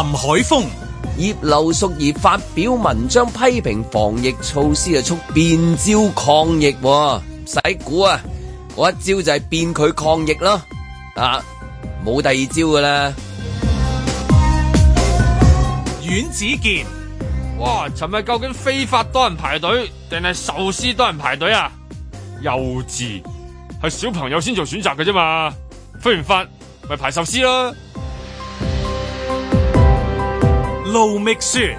林海峰、葉劉淑儀發表文章批評防疫措施嘅促變招抗疫，使估啊！嗰一招就係變佢抗疫咯，啊，冇第二招噶啦。阮子健，哇！尋日究竟非法多人排隊定係壽司多人排隊啊？幼稚，係小朋友先做選擇㗎啫嘛，非完發咪排壽司囉。盧覓雪，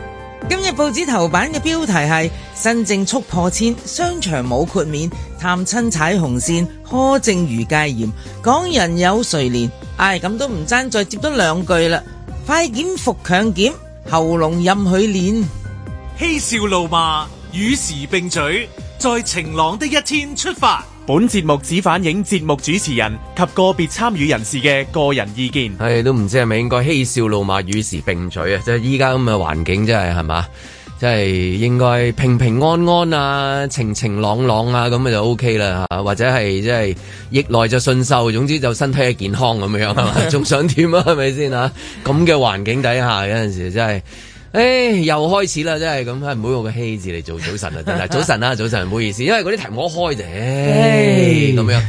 今日報紙頭版嘅標題係：新政速破千，商場冇豁免，探親踩紅線，苛政如戒嚴。港人有誰憐？唉、哎，咁都唔爭，再接多兩句啦。快檢服強檢，喉嚨任佢練，嬉笑怒罵與時並舉，在晴朗的一天出發。本節目只反映節目主持人及個別參與人士嘅個人意見，哎。唉，都唔知係咪應該嬉笑怒罵與時並取。啊！即係依家咁嘅環境，真係，係嘛，即係、就是、應該平平安安啊，晴晴朗朗啊，咁就 O K 啦吓，或者係即係逆來就順、是、受，總之就身體嘅健康咁樣，係嘛，仲想點啊？係咪先啊？咁嘅環境底下，有陣時真係。誒、哎，又開始啦，真係咁啊！唔好用個希字嚟做早晨，早晨啊，真係早晨啦，早晨，唔好意思，因為嗰啲題目唔開嘅，咁、哎、 樣。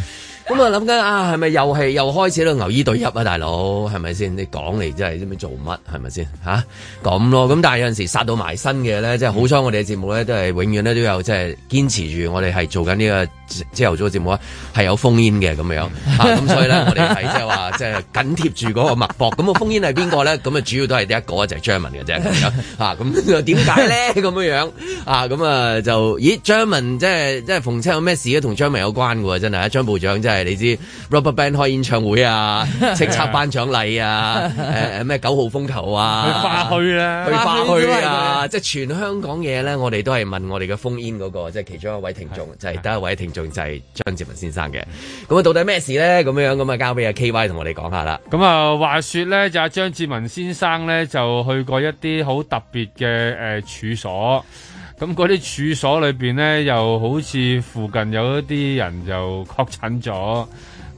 咁啊諗緊啊，係咪又係又開始啦？牛衣對泣啊，大佬係咪先？你講嚟真係，做乜係咪先？吓、啊、咁咯。咁但係有陣時殺到埋身嘅咧，即係好彩我哋嘅節目咧，都係永遠咧都有即係堅持住，我哋係做緊、這、呢個。朝頭早個節目咧係有烽煙嘅咁樣，咁、 啊、所以咧我哋睇即係話即係緊貼住嗰個脈搏。咁啊烽煙係邊個咧？咁啊主要都係第一個就係張文嘅啫，咁樣嚇。咁又點解咧？咁 樣啊咁啊就咦張文即係即係馮青有咩事咧？同張文有關嘅喎真係、啊，張部長真係你知 RubberBand 開演唱會啊，叱咤頒獎禮啊，咩、 啊、九號風球啊，去花去啊，去花去啊！去啊啊即係全香港嘢咧，我哋都係問我哋嘅烽煙嗰、那個，即係、就是、其中一位聽眾是就係、是、第一位聽眾。就係張志文先生嘅，咁啊到底咩事咧？咁樣咁啊交俾阿 KY 同我哋講下啦。咁啊，話說咧，就阿張志文先生咧就去過一啲好特別嘅誒處所，咁嗰啲處所裏邊咧，又好似附近有一啲人就確診咗。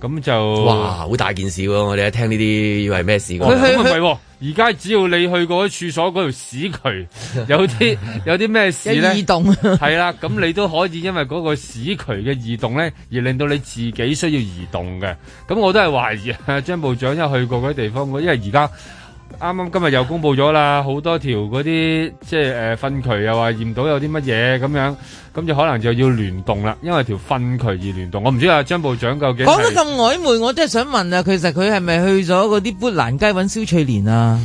咁就哇，好大件事喎！我哋一聽呢啲，以為咩事喎？咁 啊而家只要你去過嗰啲處所嗰條屎渠，有啲有啲咩事咧？ 移動係啦，咁你都可以因為嗰個屎渠嘅移動咧，而令到你自己需要移動嘅。咁我都係懷疑，張部長有去過嗰啲地方，因為而家。啱啱今日又公布咗啦，好多條嗰啲即係誒糞渠又話驗到有啲乜嘢咁樣，咁就可能就要聯動啦，因為條糞渠而聯動。我唔知阿張部長究竟講得咁曖昧，我真係想問啊，其實佢係咪去咗嗰啲砵蘭街搵蕭翠蓮啊？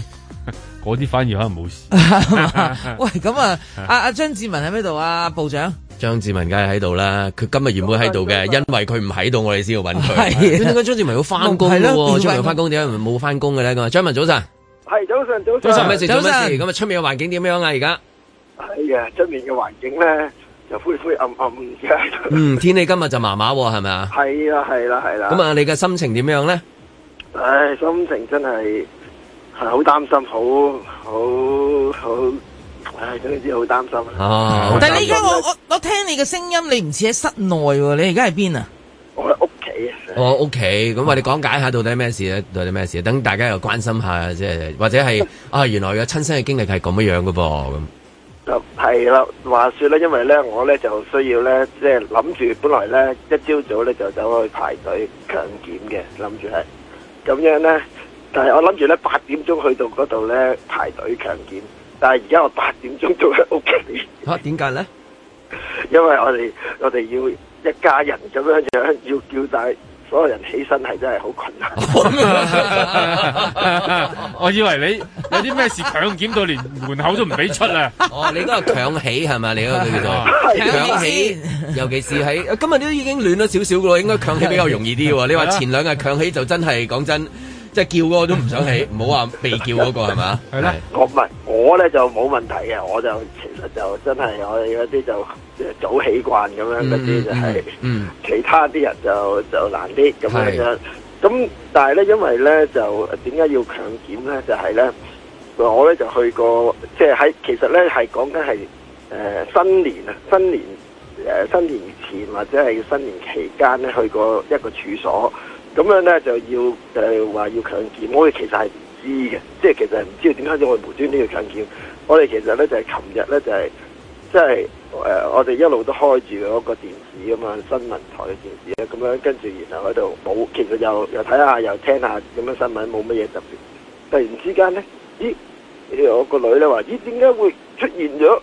嗰啲反而可能冇事 喂，咁那啊，阿阿張志文喺邊度啊？部長張志文梗係喺度啦，佢今日原本喺度嘅，因為佢唔喺度，我哋先要搵佢。係點解張志文要翻工？張志文翻工點解唔冇翻工嘅咧？啊，張文早晨。係早上，早上，早上。咁啊，出面嘅環境點樣啊？而家係啊，出面嘅環境咧就灰灰暗暗嘅。嗯，天氣今日就麻麻，係咪啊？係啦，係啦，係啦。咁啊，你嘅心情點樣咧？唉，心情真係係好擔心，好好好，唉，總之好擔心啊。哦，但係你而家我我我聽你嘅聲音，你唔似喺室內，你而家喺邊啊？我。我 OK，咁我哋講解下到底咩事咧？到底咩事？等大家又關心下，即係或者係啊，原來嘅親身嘅經歷係咁樣樣嘅噃咁。就係啦，話說咧，因為咧，我咧就需要咧，即係諗住本來咧一朝早咧就走去排隊強檢嘅，諗住係咁樣咧。但係我諗住咧八點鐘去到嗰度咧排隊強檢，但係而家我八點鐘仲喺屋企。啊？點解咧？因為我哋我哋要。一家人咁樣樣要叫大所有人起身，係真係好困難。我以為你有啲咩事強檢到連門口都唔俾出啊！ 哦，你嗰個強起係咪？你嗰個叫做強起，尤其是喺今日都已經暖咗少少㗎喇，應該強起比較容易啲喎。你話前兩日強起就真係講真。即係叫嗰個都唔想起，唔好話被叫嗰個係嘛？係咧，我唔係，我咧就冇問題嘅，我就其實就真係我哋嗰啲就早起慣咁樣嗰啲就係、嗯，其他啲人就就難啲咁樣樣。咁但係咧，因為咧就點解要強檢咧？就係咧、就是，我咧就去過，即係喺其實咧係講緊係誒新年啊，新年誒新、呃、新年前或者係新年期間咧去過一個處所。咁樣咧就要就話要強檢，我哋其實係唔知嘅，即係其實係唔知道點解要我哋無端端要強檢。我哋其實咧就係琴日咧就係即係誒，我哋一路都開住嗰個電視咁嘛，新聞台嘅電視咁樣，跟住然後喺度冇，其實又又睇下又聽下咁樣新聞，冇乜嘢特別。突然之間咧，咦？我個女咧話咦？點解會出現咗？誒、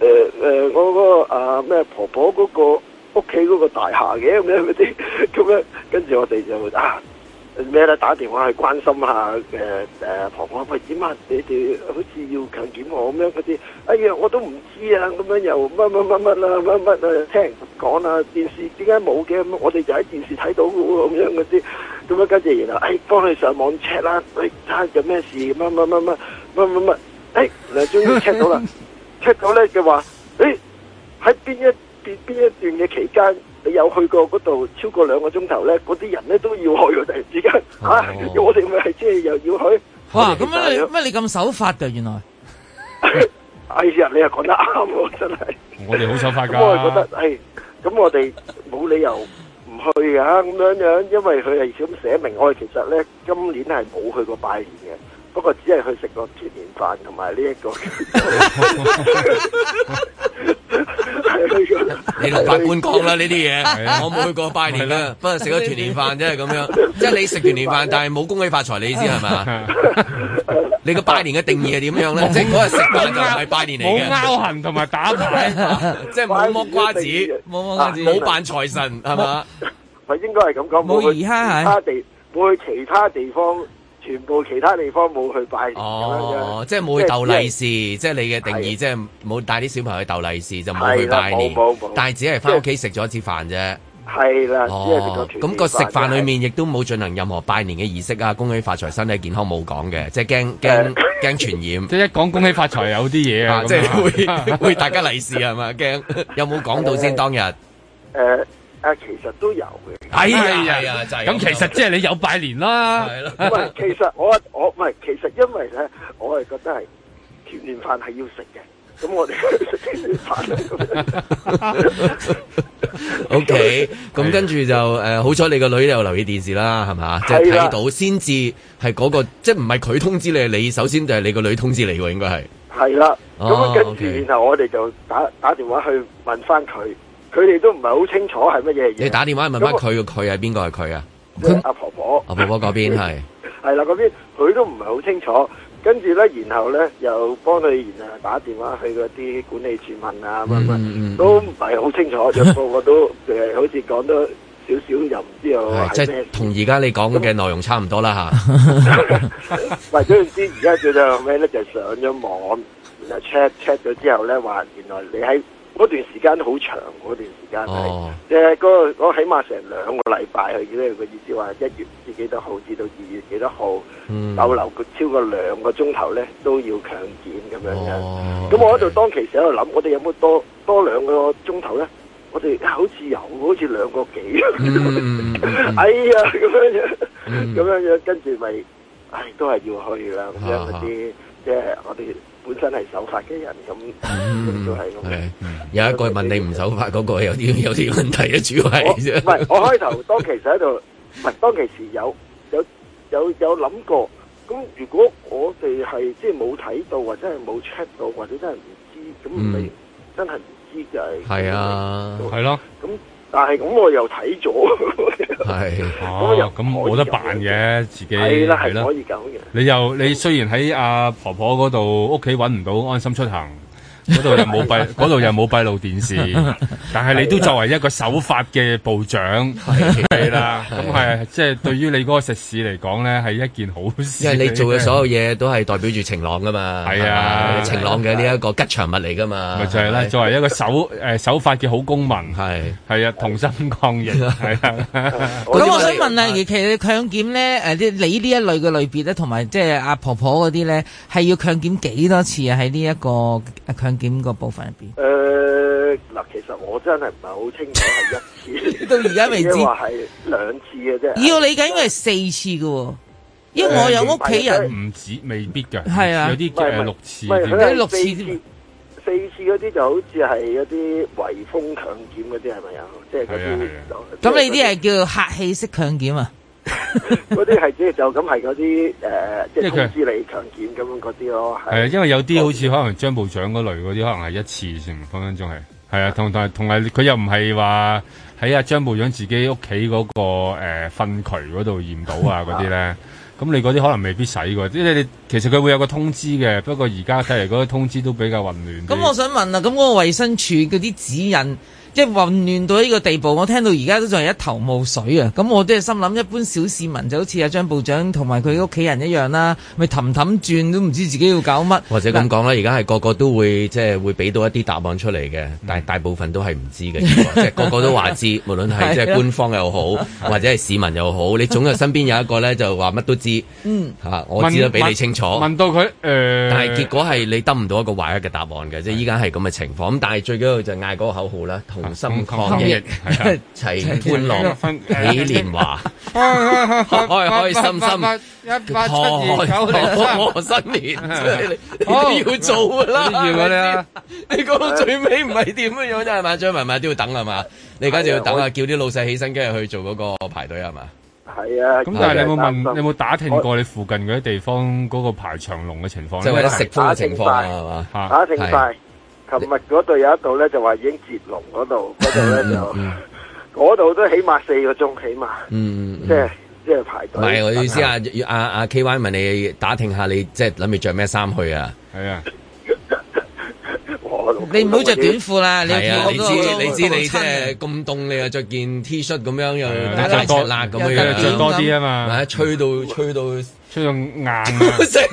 呃呃、我嗰、嗰個啊咩婆婆嗰、嗰個？屋企嗰個大廈嘅，咁樣嗰啲，咁樣跟住我哋就會啊咩咧，打電話去關心下誒誒、呃、婆婆，喂點啊？你哋好似要強檢我咁樣嗰啲，哎呀我都唔知啊，咁樣又乜乜乜乜啦，乜乜啊，聽人講啊，電視點解冇嘅？我哋就喺電視睇到咁樣嗰啲，咁樣跟住然後誒幫你上網 check 啦，誒睇下有咩事，乜乜乜乜乜乜乜，誒終於 check 到啦，check 到咧嘅話，誒喺邊一？邊一段嘅期間，你有去過嗰度超過兩個鐘頭咧，嗰啲人咧都要去。突然之間，吓、oh. 啊，我哋咪係即係又要去。哇、啊！咁乜乜你咁守法嘅原來？ 哎呀，你又講得啱喎，真係。我哋好守法噶、啊。我係覺得係，咁、哎、我哋冇理由唔去噶，咁樣樣，因為佢係咁寫明。我哋其實咧，今年係冇去過拜年嘅。不過只係去食個團年飯同埋呢一個 你同法官講啦呢啲嘢，我冇去過拜年啦，不過食個團年飯 即係咁 樣、啊。即係你食團年飯，但係冇恭喜發財，你意思係咪？你個拜年嘅定義係點樣咧？ 即係我食飯就係拜年嚟嘅。冇拗行，同埋打牌，即係冇剝瓜子，冇、啊、剝瓜子，冇扮財神係嘛？我、啊、應該係咁講，冇其他地，冇去其他地方。全部其他地方冇去拜年，哦，即係冇去逗利是，即係你嘅定義，即係冇帶啲小朋友去逗利是就冇去拜年，冇冇冇，但係只係翻屋企食咗一次飯啫，係啦，哦，咁個食飯裏面亦都冇進行任何拜年嘅儀式啊，恭喜發財、身體健康冇講嘅，即係驚驚驚傳染，即係一講恭喜發財有啲嘢啊，即係會會大家利是係嘛，驚有冇講到先當日誒。誒，其實都有嘅，哎呀，係、啊哎、就係、是、咁。其實即係你有拜年啦，係 咯。其實我我唔係，其實因為咧，我係覺得係團年飯係要食嘅。咁我哋食團年飯。O K，咁跟住就誒，啊、好彩你個女又留意電視啦，係咪，即係睇到先至係嗰個，即係唔係佢通知你，你首先就係你個女通知你喎，應該係。係、嗯、啦，咁、嗯、跟住、嗯、然後我哋就打打電話去問翻佢。佢哋都唔係好清楚係乜嘢嘢。你打電話問翻佢嘅佢係邊個係佢啊？阿婆婆。阿婆婆嗰邊係。係啦，嗰邊佢都唔係好清楚。跟住咧，然後咧又幫佢然後打電話去嗰啲管理處問啊，乜乜都唔係好清楚，就個個都成日好似講多少少又唔知我係咩。即係同而家你講嘅內容差唔多啦嚇。喂，總言之，而家叫做咩咧？就上咗網，然後 check check 咗之後咧，話原來你喺。嗰段時間好長，嗰段時間係誒個我起碼成兩個禮拜去咧，佢、嗰個、意思話一月至幾多號，至到二月幾多號逗留、嗯、超過兩個鐘頭咧都要強檢咁樣樣。咁、哦、我喺度、okay. 當其時喺度諗，我哋有冇多多兩個鐘頭咧？我哋好似有，好似兩個幾、嗯 嗯。哎呀，咁樣、嗯、咁樣，咁樣跟住咪、即係，唉，都係要去啦。咁樣嗰啲，即係、即係、我哋。本身係守法嘅人，咁都係咁。有一個問你唔守法，嗰個有啲有啲問題嘅、啊、主要啫。唔係， 我開頭當其時喺度，唔係當其時有有有有諗過。咁如果我哋係即係冇睇到，或者係冇 check 到，或者真係唔知，咁、嗯、你真係唔知就係。係啊，係咯。咁。但係咁，我又睇咗。係，咁 又咁冇得辦嘅，自己係啦，係可以咁嘅。你又你雖然喺阿、啊、婆婆嗰度屋企搵唔到安心出行。嗰度又冇閉，嗰度又冇閉路電視。但係你都作為一個守法嘅部長係啦，咁係即係對於你嗰個食肆嚟講呢，係一件好事。因為你做嘅所有嘢都係代表住晴朗噶嘛，係啊，晴朗嘅呢一個吉祥物嚟噶嘛。咪就係啦，係啊，作為一個守誒守法嘅好公民，係係啊，啊，同心抗疫係 是啊。咁 我想問啊，其實強檢呢，誒，你呢一類嘅類別咧，同埋即係阿婆婆嗰啲咧，係要強檢幾多次啊？喺呢一個強檢個部分入邊，誒，嗱，其實我真係唔係好清楚係一次， 到而家未知，話係兩次嘅啫。要理解應該係四次嘅，嗯，因為我有屋企人，唔、呃、止未必噶，係啊，有啲叫、呃、六次，點解六次？四次嗰啲就好似係一啲圍封強檢嗰啲，係咪啊？即係嗰啲，咁你啲係叫客氣式強檢啊？嗰啲係即係就咁、是，係嗰啲誒，即、呃、係、就是、通知你強檢咁樣嗰啲咯。係啊，因為有啲好似可能張部長嗰類嗰啲，可能係一次性分分鐘係。係啊，同同同埋佢又唔係話喺阿張部長自己屋企嗰個誒糞、呃、渠嗰度驗到啊嗰啲咧。咁 你嗰啲可能未必使過。即係你其實佢會有個通知嘅，不過而家睇嚟嗰個通知都比較混亂。咁 我想問啊，咁嗰個衛生署嗰啲指引？即係混亂到呢個地步，我聽到而家都仲係一頭霧水啊！咁我都係心諗，一般小市民就好似阿張部長同埋佢屋企人一樣啦、啊，咪氹氹轉都唔知自己要搞乜。或者咁講啦，而家係個個都會即係、就是、會俾到一啲答案出嚟嘅、嗯，但係大部分都係唔知嘅，即、嗯、係、就是、個個都話知 是、啊，無論係即係官方又好、啊，或者係市民又好，你總係身邊有一個咧 就話乜都知。嗯，我知道都俾你清楚問，問到佢、呃、但係結果係你得唔到一個唯一嘅答案嘅，即係依家係咁嘅情況。咁、啊、但係最緊要就嗌嗰個口號啦。心抗疫，抗疫 齊歡樂，喜年華， 開開心心，八八八一八七二九過新年，都、啊啊、要做噶啦。哦、你講到、啊、最尾唔係點樣、啊、樣啫嘛？將來咪都要等啦嘛、啊？你而家就要等啊，叫啲老細起身跟住去做嗰個排隊係嘛？係啊。咁但係你有冇問？你有冇打聽過你附近嗰啲地方嗰個排長龍嘅情況即係、就是、食貨嘅情況係嘛？打停快。琴日嗰度有一度咧，就話已經截龍嗰度，嗰度咧就嗰度 都起碼四個鐘起碼，嗯嗯嗯、即係即係排隊。唔係我意思啊，阿、啊、阿 K Y 問你打聽下你即係諗住着咩衫去啊？係啊，你唔好着短褲啦，你、啊、你知你知你即係咁凍你又著件 T 恤咁樣又就多辣咁樣，著多啲啊你一嘛，吹到吹到。出咁硬，即係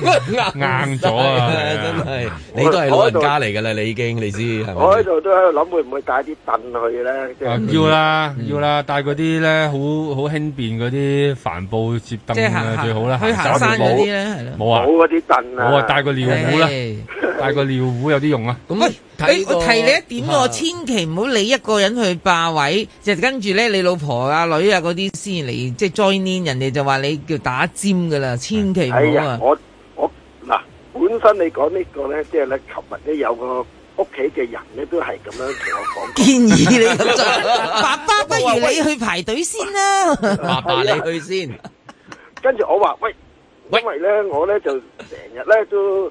硬咗啊！真係，你都係老人家嚟噶啦，你已經，你知係咪？我喺度都喺度諗，會唔會帶啲凳去咧？要啦，要啦，帶嗰啲咧，好好輕便嗰啲帆布折凳啊，最好啦，去行山嗰啲咧，係咯，冇啊，冇嗰啲凳啊，我啊，帶個尿壺啦，帶個尿壺有啲用啊。咁啊，我提你一點，我千祈唔好你一個人去霸位，就跟住咧，你老婆啊、女啊嗰啲先嚟，即係 join in，人哋就話你叫打尖噶啦。千祈唔好啊！我我嗱，本身你講呢個咧，即係咧，琴日咧有個屋企嘅人咧，都係咁樣同我講，建議你咁做，爸爸不如你去排隊先啦，爸爸你去先，跟住我話喂，因為咧我咧就成日咧都。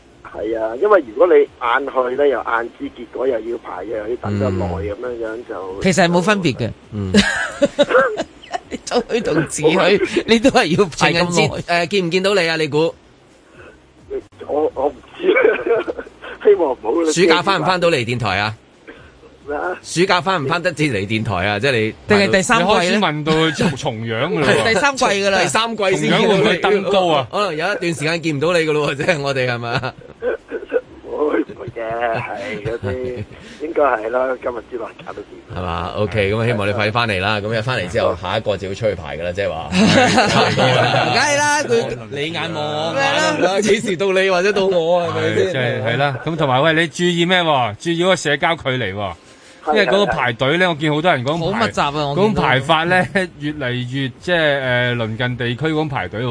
係啊，因為如果你晏去咧，又晏知結果，又要排嘅，又要等得耐，咁樣樣就其實係冇分別嘅。嗯，走去同自己，你都係要排咁耐。誒，見唔見到你啊？你估我我唔知，希望唔好。暑假翻唔翻到嚟電台啊？啊，暑假翻唔翻得接嚟電台啊？即係你定係第三季咧？問到重樣啦，係第三季噶啦，第三季先會登高啊。可能有一段時間見唔到你噶咯，即係我哋係咪？誒 吧，係嗰啲，應該係啦。今日之內搞到掂，係嘛？OK，咁 希望你快啲翻嚟啦。咁一翻嚟之後，下一個就要出去排噶啦，即係話。梗係啦，佢你眼望我啦？幾 時到你或者到我啊？係咪先？係係啦。咁同埋喂，你注意咩？注意嗰個社交距離。因為嗰個排隊咧， 我見好多人講好密集啊。咁排法咧， 越嚟越即係誒，鄰近地區嗰種排隊。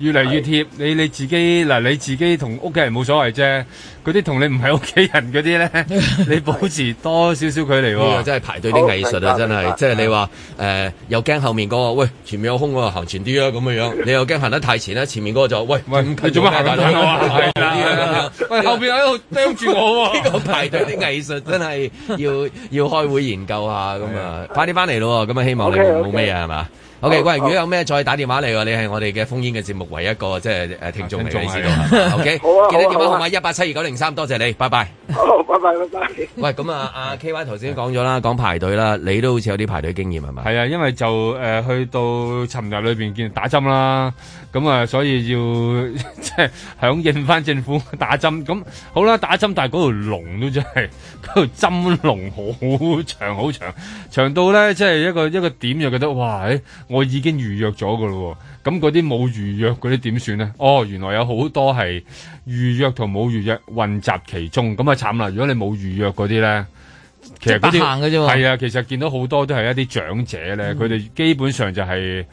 越嚟越貼，你你自己嗱，你自己同屋企人冇所謂啫，嗰啲同你唔係屋企人嗰啲咧，你保持多少少距離喎、啊。 真係排隊啲藝術啊，真係即係你話誒又驚後面嗰、嗰個喂，前面有空喎、啊、行前啲啊咁樣樣， 你又驚行得太前咧，前面嗰個就喂喂，佢做咩行前啊？係啦，喂,、啊啊啊啊喂啊、後面邊喺度盯住我喎、啊。呢 個排隊啲藝術真係要 要開會研究下咁 樣啊！ 快啲翻嚟咯，咁啊希望你冇咩啊，係、okay. 嘛？好嘅，喂，如果有咩再打電話嚟，你係我哋嘅《封煙》嘅節目唯一一個即係誒聽眾嚟嘅，O K，記得電話號碼一八七二九零三，多謝你，拜拜。好，拜拜，拜拜。喂，咁啊，阿 K Y 頭先講咗啦，講排隊啦，你都好似有啲排隊經驗係咪？係啊，因為就誒去到尋日裏邊見打針啦，咁啊，所以要即係響應翻政府打針。咁好啦，打針，但係嗰條龍都真係，嗰條針龍好長好長，長到咧即係一個一個點就覺得哇！我已經預約咗㗎咯喎，咁嗰啲冇預約嗰啲點算呢？哦，原來有好多係預約同冇預約混集其中，咁啊慘啦！如果你冇預約嗰啲呢，其實、就是、白行嘅啫，係啊，其實見到好多都係一啲長者呢，佢、嗯、哋基本上就係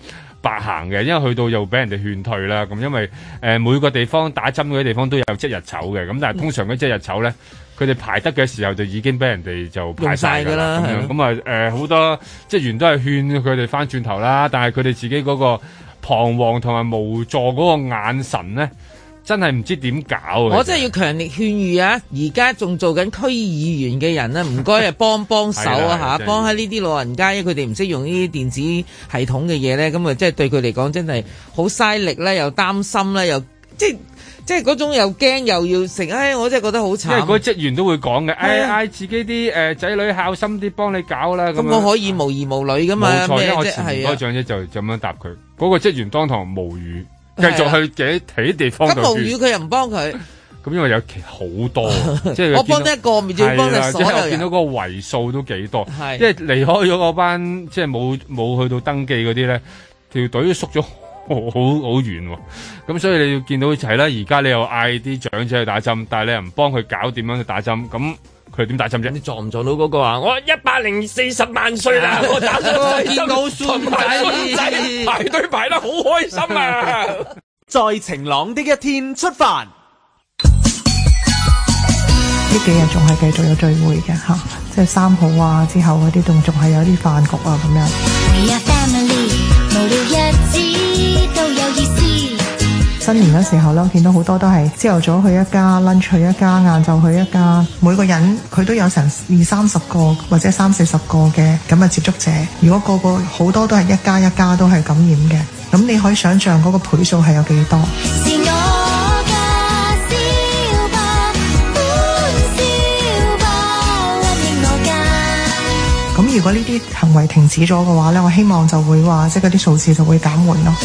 白行嘅，因為去到又俾人哋勸退啦。咁因為、呃、每個地方打針嗰啲地方都有即日籌嘅，咁但係通常嗰即日籌呢。嗯佢哋排得嘅時候就已經俾人哋就排晒㗎啦，咁樣啊好、呃、多職員都係勸佢哋翻轉頭啦，但係佢哋自己嗰個彷徨同埋無助嗰個眼神咧，真係唔知點搞啊！我真係要強烈勸喻啊！而家仲做緊區議員嘅人咧，唔該啊幫幫手啊嚇， 幫下呢啲老人家，因為佢哋唔識用呢啲電子系統嘅嘢咧，咁啊即係對佢嚟講真係好嘥力咧，又擔心咧，又即係即係嗰種又驚又要食，唉、哎！我真係覺得好慘。因為嗰職員都會講嘅，唉唉，哎、自己啲誒仔女孝心啲幫你搞啦。咁我、嗯、可以無兒無女噶嘛？冇錯，因為我前幾長者就咁樣答佢，嗰、那個職員當堂無語、啊，繼續去幾睇地方。得、啊、無語佢又唔幫佢。咁 因為有好多， 即係我幫得一個，咪要幫你所有、啊、即我見到嗰個位數都幾多，即係、啊、離開咗嗰班即係冇冇去到登記嗰啲咧，條隊都縮咗。哦、好好好遠喎，咁、嗯、所以你要見到係啦，而家你又嗌啲長者去打針，但係你又唔幫佢搞點樣去打針，咁佢點打針啫？你撞唔撞到嗰個啊？我一百零四十萬歲啦， 我打咗，見到數，排隊排得好開心啊！ 在晴朗的一天出發，呢幾日仲係繼續有聚會嘅吓，即係三號啊之後嗰啲仲仲係有啲飯局啊咁樣。新年嗰時候咧，見到好多都係朝頭早去一家，lunch 去一家，晏晝去，去，去一家，每個人佢都有成二三十個或者三四十個嘅咁嘅接觸者。如果個個好多都係一家一家都係感染嘅，咁你可以想象嗰個倍數係有幾多？咁如果呢啲行為停止咗嘅話呢，我希望就會話即係嗰啲數字就會減緩咯。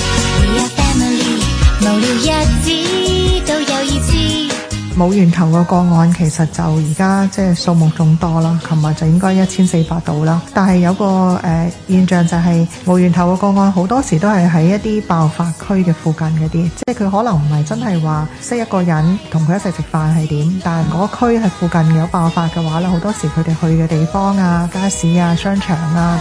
冇源頭個個案其實就而家即係數目仲多啦，琴日就應該一千四百度啦。但係有個誒、呃、現象就係、是、冇源頭個個案好多時都係喺一啲爆發區嘅附近嗰啲，即係佢可能唔係真係話識一個人同佢一齊食飯係點，但係嗰區係附近有爆發嘅話咧，好多時佢哋去嘅地方啊、街市啊、商場啊。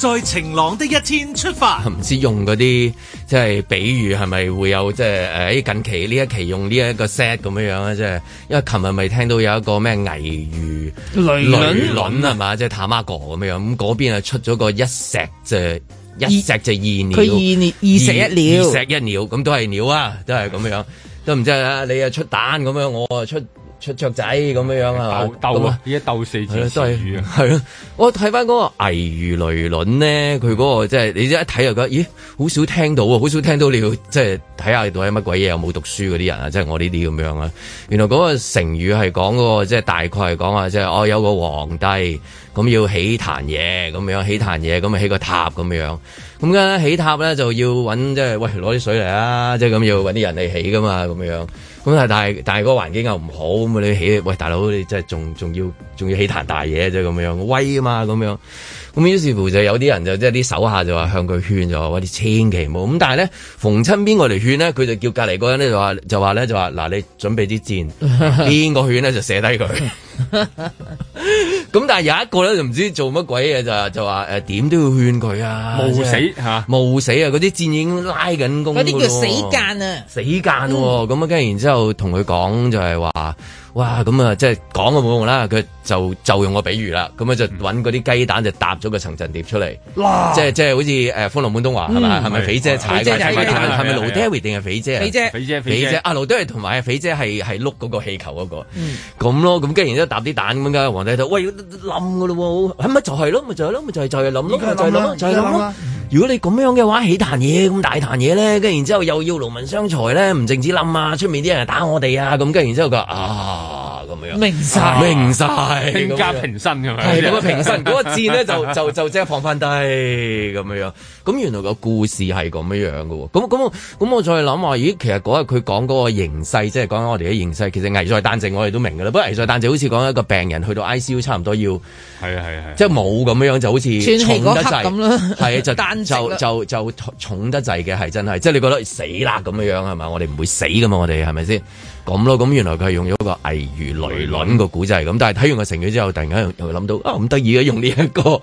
在晴朗的一天出發，唔知用嗰啲即係比喻係咪會有即係、即係哎、喺近期呢一期用呢一個 set 咁樣樣即係因為琴日咪聽到有一個咩鰻魚雷鰻係嘛，即係坦馬哥咁樣，咁嗰邊啊出咗個一石就一石就二鳥，佢二年二,二,二石一鳥，二石一鳥咁都係鳥啊，都係咁樣，都唔知係啊，你啊出蛋咁樣，我啊出。出雀仔咁樣樣啊嘛，鬥啊，依家鬥四字成語啊，係咯。我睇翻嗰個危如累卵咧，佢嗰、那個即係、就是、你一睇就覺得，咦，好少聽到啊，好少聽到你要即係睇下到底係乜鬼嘢，有冇讀書嗰啲人啊，即、就、係、是、我呢啲咁樣啊。原來嗰個成語係講嗰個即係、就是、大概係講話，即係我有個皇帝咁要起壇嘢咁樣，起壇嘢咁啊起個塔咁樣。咁咧起塔咧就要揾即係喂攞啲水嚟啊，即係咁要揾啲人嚟起噶嘛，咁樣。咁但係但係但係嗰個環境又唔好，咁你起，喂，大佬，你真係仲仲要仲要起彈大嘢即係咁樣，威啊嘛咁樣。咁於是乎就有啲人就即係啲手下就話向佢勸就話：啲千祈冇咁。但係咧，逢親邊個嚟勸咧，佢就叫隔離個人咧就話就話咧就話嗱，你準備啲箭，邊 個勸咧就射低佢。咁 但係有一個咧就唔知做乜鬼嘢就就話誒點都要勸佢啊，冒死嚇，冒、就是、死啊！嗰啲箭已經拉緊弓嗰啲叫死間啊，死間喎！咁啊，嗯、然跟然之後同佢講就係話：哇，咁啊、就是，即係講都冇用啦，佢。就就用個比喻啦，咁咧就揾嗰啲雞蛋就搭咗個層層疊出嚟，即即係好似誒歡樂滿東華係咪？係咪肥姐踩嘅？係咪？係咪？係咪盧爹瑞定係肥姐？肥姐，肥姐，肥姐，姐，姐，姐啊！盧爹瑞同埋肥姐係係碌嗰個氣球嗰、嗰個，咁、嗯、咯。咁跟住然之後一搭啲蛋咁樣，皇帝都喂冧嘅咯喎，係咪就係咯？咪就係咯？咪就係就係冧咯？就係、係、就係冧咯！如果你咁樣嘅話，起壇嘢咁大壇嘢咧，跟住然之後又要勞民傷財咧，唔淨止冧啊！出面啲人打我哋啊！咁跟住然之後佢話啊咁樣，明晒！」明平家平身咁啊，係咁平身嗰 個箭咧就就就即刻放返低咁樣樣。咁原來個故事係咁樣樣嘅喎。咁咁咁我再諗話，咦，其實嗰日佢講嗰個形勢，即係講緊我哋嘅形勢，其實危在旦夕，我哋都明噶啦。不過危在旦夕，好似講一個病人去到 ICU，差唔多要係啊係啊係，即係冇咁樣樣，就好似重得滯咁咯。係啊，就 單就就就，就，就重得滯嘅，係真係。即、就、係、是、你覺得死啦咁樣樣，係嘛？我哋唔會死噶嘛，我哋係咪先？咁咯，咁原來佢係用咗一個危如累卵個古仔咁，但係睇完個成語之後，突然間又諗到啊，唔得意嘅用呢、這、一個。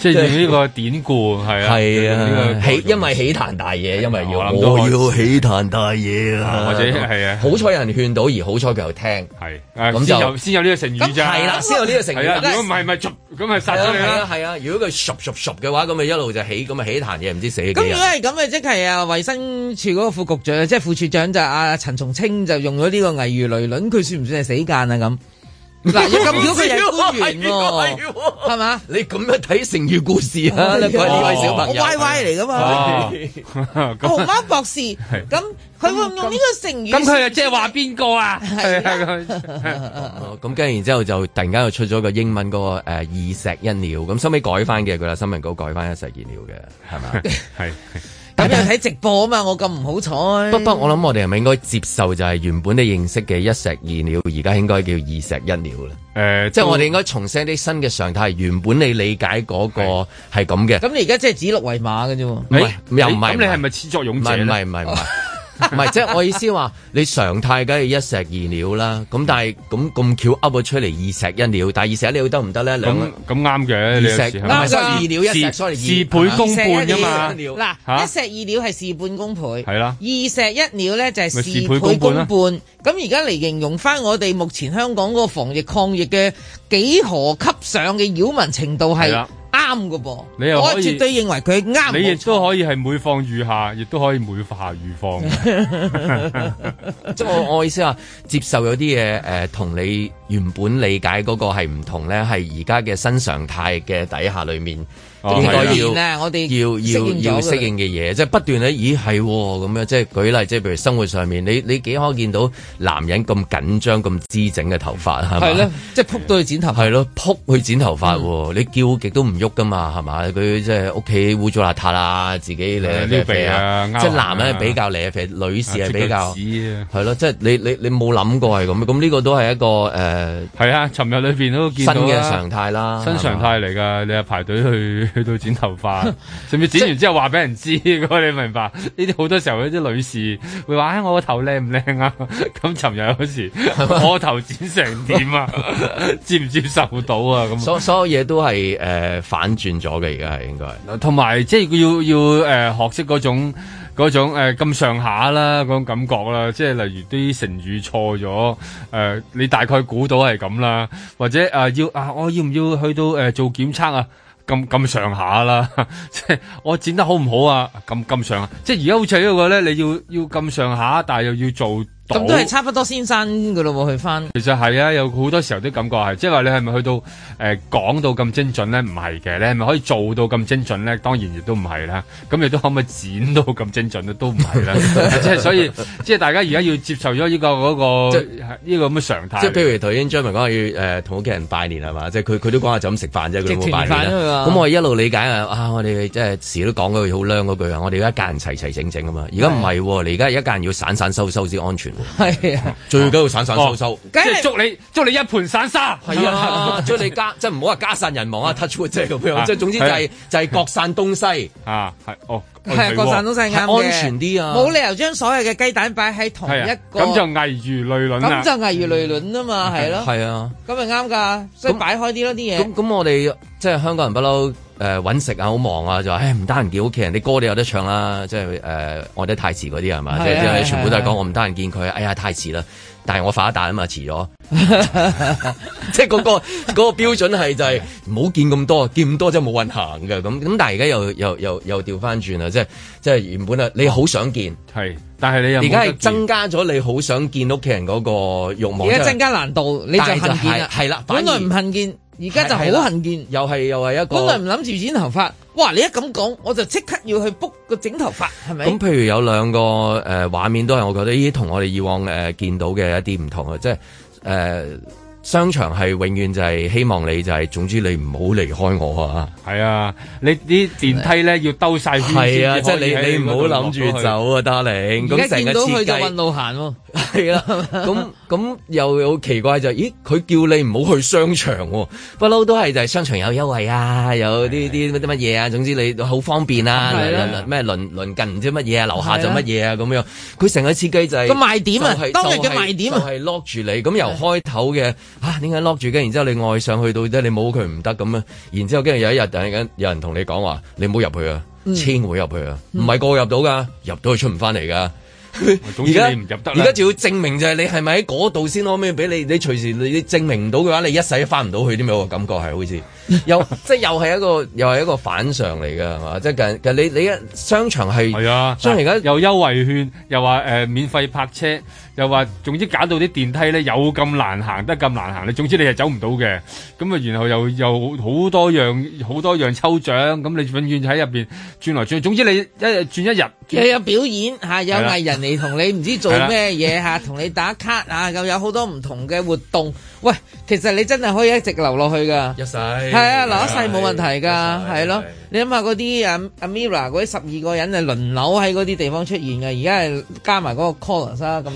即係呢個典故係啊，係啊，起因為起壇大嘢、啊，因為要我要起壇大嘢啦、啊，或者係啊，好彩有人勸到而好彩佢又聽，係咁、啊、就、啊、先有呢個成語咋，係啦、啊，先有呢個成語如果唔係咪咁咪殺咗佢啦？係啊，啊，如果佢熟熟熟嘅話，咁咪一路就起咁啊起壇嘢，唔知道死幾那、就是、啊！咁如果係咁啊，即係啊，衞生署嗰個副局長，即、就、係、是、副處長就阿、啊、陳松清就用咗呢個危如累卵，佢算唔算係死間啊咁？這樣嗱，咁少嘅人，官員喎、啊，係嘛？你咁樣睇成語故事啦、啊，怪呢位小朋友，歪歪嚟噶嘛？熊貓博士，咁佢會唔用呢個成語？咁佢即係話邊個啊？係啊，咁跟住然之後就突然間又出咗個英文嗰個誒二石 一鳥，咁收尾改翻嘅佢啦，新聞稿改翻一石二鳥嘅，係咪？係。 咁樣睇直播啊嘛，我咁唔好彩。不不，我諗我哋係咪應該接受就係原本你認識嘅一石二鳥，而家應該叫二石一鳥啦。誒、呃，即係我哋應該重新啲新嘅常態。原本你理解嗰個係咁嘅。咁你而家即係指鹿為馬嘅啫。唔、欸、係、欸，又唔係。咁、欸、你係咪始作俑者？唔係唔係唔係。 唔 係，即、就、係、是、我意思話，你常態梗係一石二鳥啦。咁但係咁咁巧噏咗出嚟二石一鳥，但係二石一鳥得唔得咧？咁咁啱嘅，二石嗱二鳥一石出嚟，事倍功半㗎嘛。嗱、啊，一石二鳥係事半功倍，係啦、啊。二石一鳥咧就係事倍功半。咁而家嚟形容翻我哋目前香港個防疫抗疫嘅幾何級上嘅擾民程度係。啱㗎噃，你又，我絕對認為佢啱。你亦都可以係每況愈下，亦都可以每下愈況。就我意思話，接受有啲嘢誒，同、呃、你原本理解嗰個係唔同咧，係而家嘅新常態嘅底下裏面。。應該要、哦、啊！我哋要要要適應嘅嘢，即係、就是、不斷喺，咦係咁、哦、樣。即係舉例，即係譬如生活上面，你你幾可見到男人咁緊張咁滋整嘅頭髮係咪係咯，即係撲到去剪頭係咯，撲去剪頭髮、嗯，你叫極都唔喐噶嘛，係嘛？佢即係屋企污糟邋遢啦，自己咧肥啊，即係男人比較咧肥、啊，女士係比較，係、啊、咯，即係你你你冇諗過係咁，咁呢個都係一個誒，係啊，尋日、啊、裏邊都見到新嘅常態啦，啊、新常態嚟噶，你啊排隊去。去到剪頭髮，甚 至剪完之後話俾人知， 你明白？呢啲好多時候啲女士會話、 哎：，我個頭靚唔靚啊？咁尋日有時 我個頭剪成點啊？接唔接受到啊？咁所所有嘢都係誒、呃、反轉咗嘅，而家係應該同埋即係要要誒、呃、學識嗰種嗰種誒咁、呃、上下啦，嗰種感覺啦，即係例如啲成語錯咗，誒、呃、你大概估到係咁啦，或者誒、呃、要啊我要唔要去到誒、呃、做檢測啊？咁咁上下啦，即係我剪得好唔好啊？咁咁上下，即係而家好似呢個咧，你要要咁上下，但係又要做。咁都係差不多先生噶咯喎，去翻。其實係啊，有好多時候啲感覺係，即係話你係咪去到誒、呃、講到咁精準咧？唔係嘅，你係咪可以做到咁精準咧？當然亦都唔係啦。咁亦都可唔可以剪到咁精準咧？都唔係啦。即 係所以，即係大家而家要接受咗呢、呢個嗰、嗰個呢、呢個咁嘅常態。即係譬如頭先張文講話要誒同屋企人拜年係嘛？即係佢佢都講下就咁食飯啫，佢 冇拜年。咁我一路理解啊！啊，我哋即係時都講嗰句好靚嗰句啊！我哋而家一家人齊齊整整啊嘛，而家唔係喎，你而家一家人要散散收收先安全。係啊，最緊要散散收收，啊、是即係祝你祝你一盤散沙，係啊，祝、啊、你家 即係唔好話家散人亡啊，touch wood 即係咁樣，即、啊、係總之就係、是啊、就係、是、各散東西啊，係、啊、哦，係啊，各散東西啱安全啲啊，冇理由將所有嘅雞蛋擺喺同一個，咁就危如累卵，咁就危如累卵啊累卵嘛，係咯，係啊，咁咪啱噶，所以擺開啲咯啲嘢，咁咁我哋即係香港人不嬲。誒、呃、揾食啊，好忙啊，就話誒唔得閒見屋企人啲歌你有得唱啦、啊就是呃，即係誒愛得太遲嗰啲係嘛，即係全部都係講我唔得閒見佢，哎呀太遲啦，但係我發一彈啊嘛，遲咗， 即係、嗰、嗰個嗰、嗰個標準係就係唔好見咁多，見咁多就冇運行嘅咁，咁但係而家又又又又調翻轉啦，即係即係原本啊你好想見係。但係你又而家係增加咗你好想見屋企人嗰個欲望，而家增加難度，你就恨見啦，係啦、就係，本來唔恨見，而家就好恨見，又係又係一個。本來唔諗住剪頭髮，哇！你一咁講，我就即刻要去 book 個整頭髮，係咪？咁譬如有兩個誒畫、呃、面都係，我覺得呢啲同我哋以往誒、呃、見到嘅一啲唔同啊，即係誒。呃商場係永遠就係希望你就係，總之你唔好離開我啊！係啊、so，你啲電梯咧要兜晒圈，係啊，即係你你唔好諗住走啊，達玲。而家成日都去就問路行喎，係啊，咁咁又好奇怪就係、咦？佢叫你唔好去商場、啊，不嬲都係就係商場有優惠啊，有啲啲乜啲乜嘢啊，總之你好方便啊，咩輪輪近唔知乜嘢啊，樓下、yup、就乜嘢啊咁樣。佢成個設計就係個賣點啊，就係、就係就係當日嘅賣點啊，就係 lock 住你。咁由開頭嘅。啊，點解 lock 住嘅？然之後你愛上去到啫，你冇佢唔得咁樣！然之後，跟住有一日突然間有人同你講話，你唔好入去啊，千會入去啊，唔、嗯、係個個入到噶，入到去，去出唔翻嚟噶。而家唔入得，而家就要證明就係你係咪喺嗰度先咯？咩俾你？你隨時你證明唔到嘅話，你一世翻唔到去啲咩？個感覺係好似 又即係又係一個又係一個反常嚟噶，係嘛？即係其實你你商場係係啊，所以而家有優惠券，又話誒、呃、免費泊車。又話，總之搞到啲電梯咧有咁難行，得咁難行你總之你係走唔到嘅。咁啊，然後又又好多樣，好多樣抽獎，咁你永遠喺入面轉來轉去，總之你一日轉，轉一日。有表演嚇，有藝人嚟同你唔知做咩嘢嚇，同你打卡啊，咁有好多唔同嘅活動。喂，其實你真係可以一直留落去噶，一世，係啊，留一世冇問題噶，係、yes, 咯、啊啊啊啊。你諗下嗰啲阿阿 Mira 嗰啲十二個人啊，輪流喺嗰啲地方出現嘅，而家係加埋嗰個 Collins 啊，咁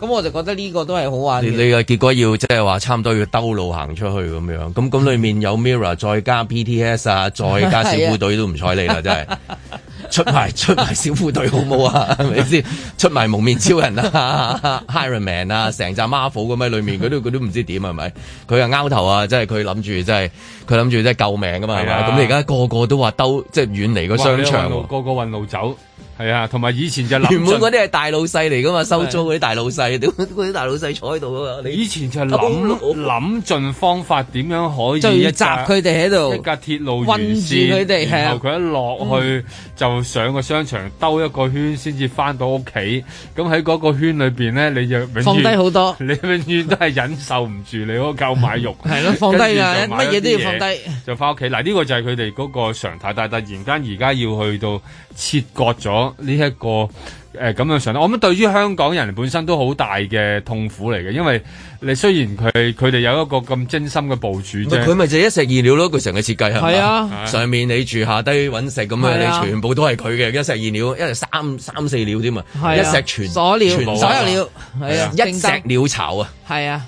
咁我就覺得呢個都係好玩。你嘅、啊、結果要即係話差唔多要兜路行出去咁樣，咁咁裏面有 Mira 再加 PTS 啊，再加小虎隊、啊、都唔睬你啦，真係。 出埋出埋小虎隊 好冇好啊，係咪先？出埋蒙面超人啊 h Iron Man 啊成扎 Marvel 咁喺裏面，佢都佢 都唔知點係咪？佢又拗頭啊，即係佢諗住，即係佢諗住即係救命噶嘛，係嘛、啊？咁你而家個個都話兜，即係遠離個商場，個個運路走。係啊，同埋以前就諗本嗰啲係大老細嚟噶嘛，收租嗰啲大老細，屌嗰啲大老細坐喺度啊！以前就諗諗盡方法點樣可以聚集佢哋喺度，一格鐵路線韞住佢哋，佢一落去、啊、就上個商場兜一個圈先至翻到屋企。咁喺嗰個圈裏邊咧，你就永放低好多，你永遠都係忍受唔住你嗰 個購買慾。係 咯、啊，放低啊，乜嘢都要放低，就翻屋企。嗱，呢、這個就係佢哋嗰個常態，但突然間而家要去到切割咗。呢、這、一個誒咁、呃、樣上，我諗對於香港人本身都好大嘅痛苦嚟嘅，因為你雖然佢佢哋有一個咁精心嘅部署啫，佢咪就一石二鳥咯？佢成個設計係咪啊？啊？上面你住下低搵食咁樣、啊，你全部都係佢嘅一石二鳥，一石三三四鳥添啊！一石全全所有鳥，係啊，啊，啊，一石鳥巢啊，係啊，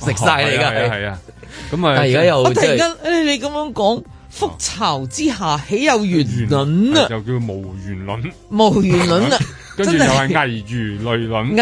食 晒你噶，係啊，咁啊，而家又突然間你咁樣講。覆巢之下元，豈有完卵啊！又叫無完卵無完卵啊！跟住又話危如累卵，你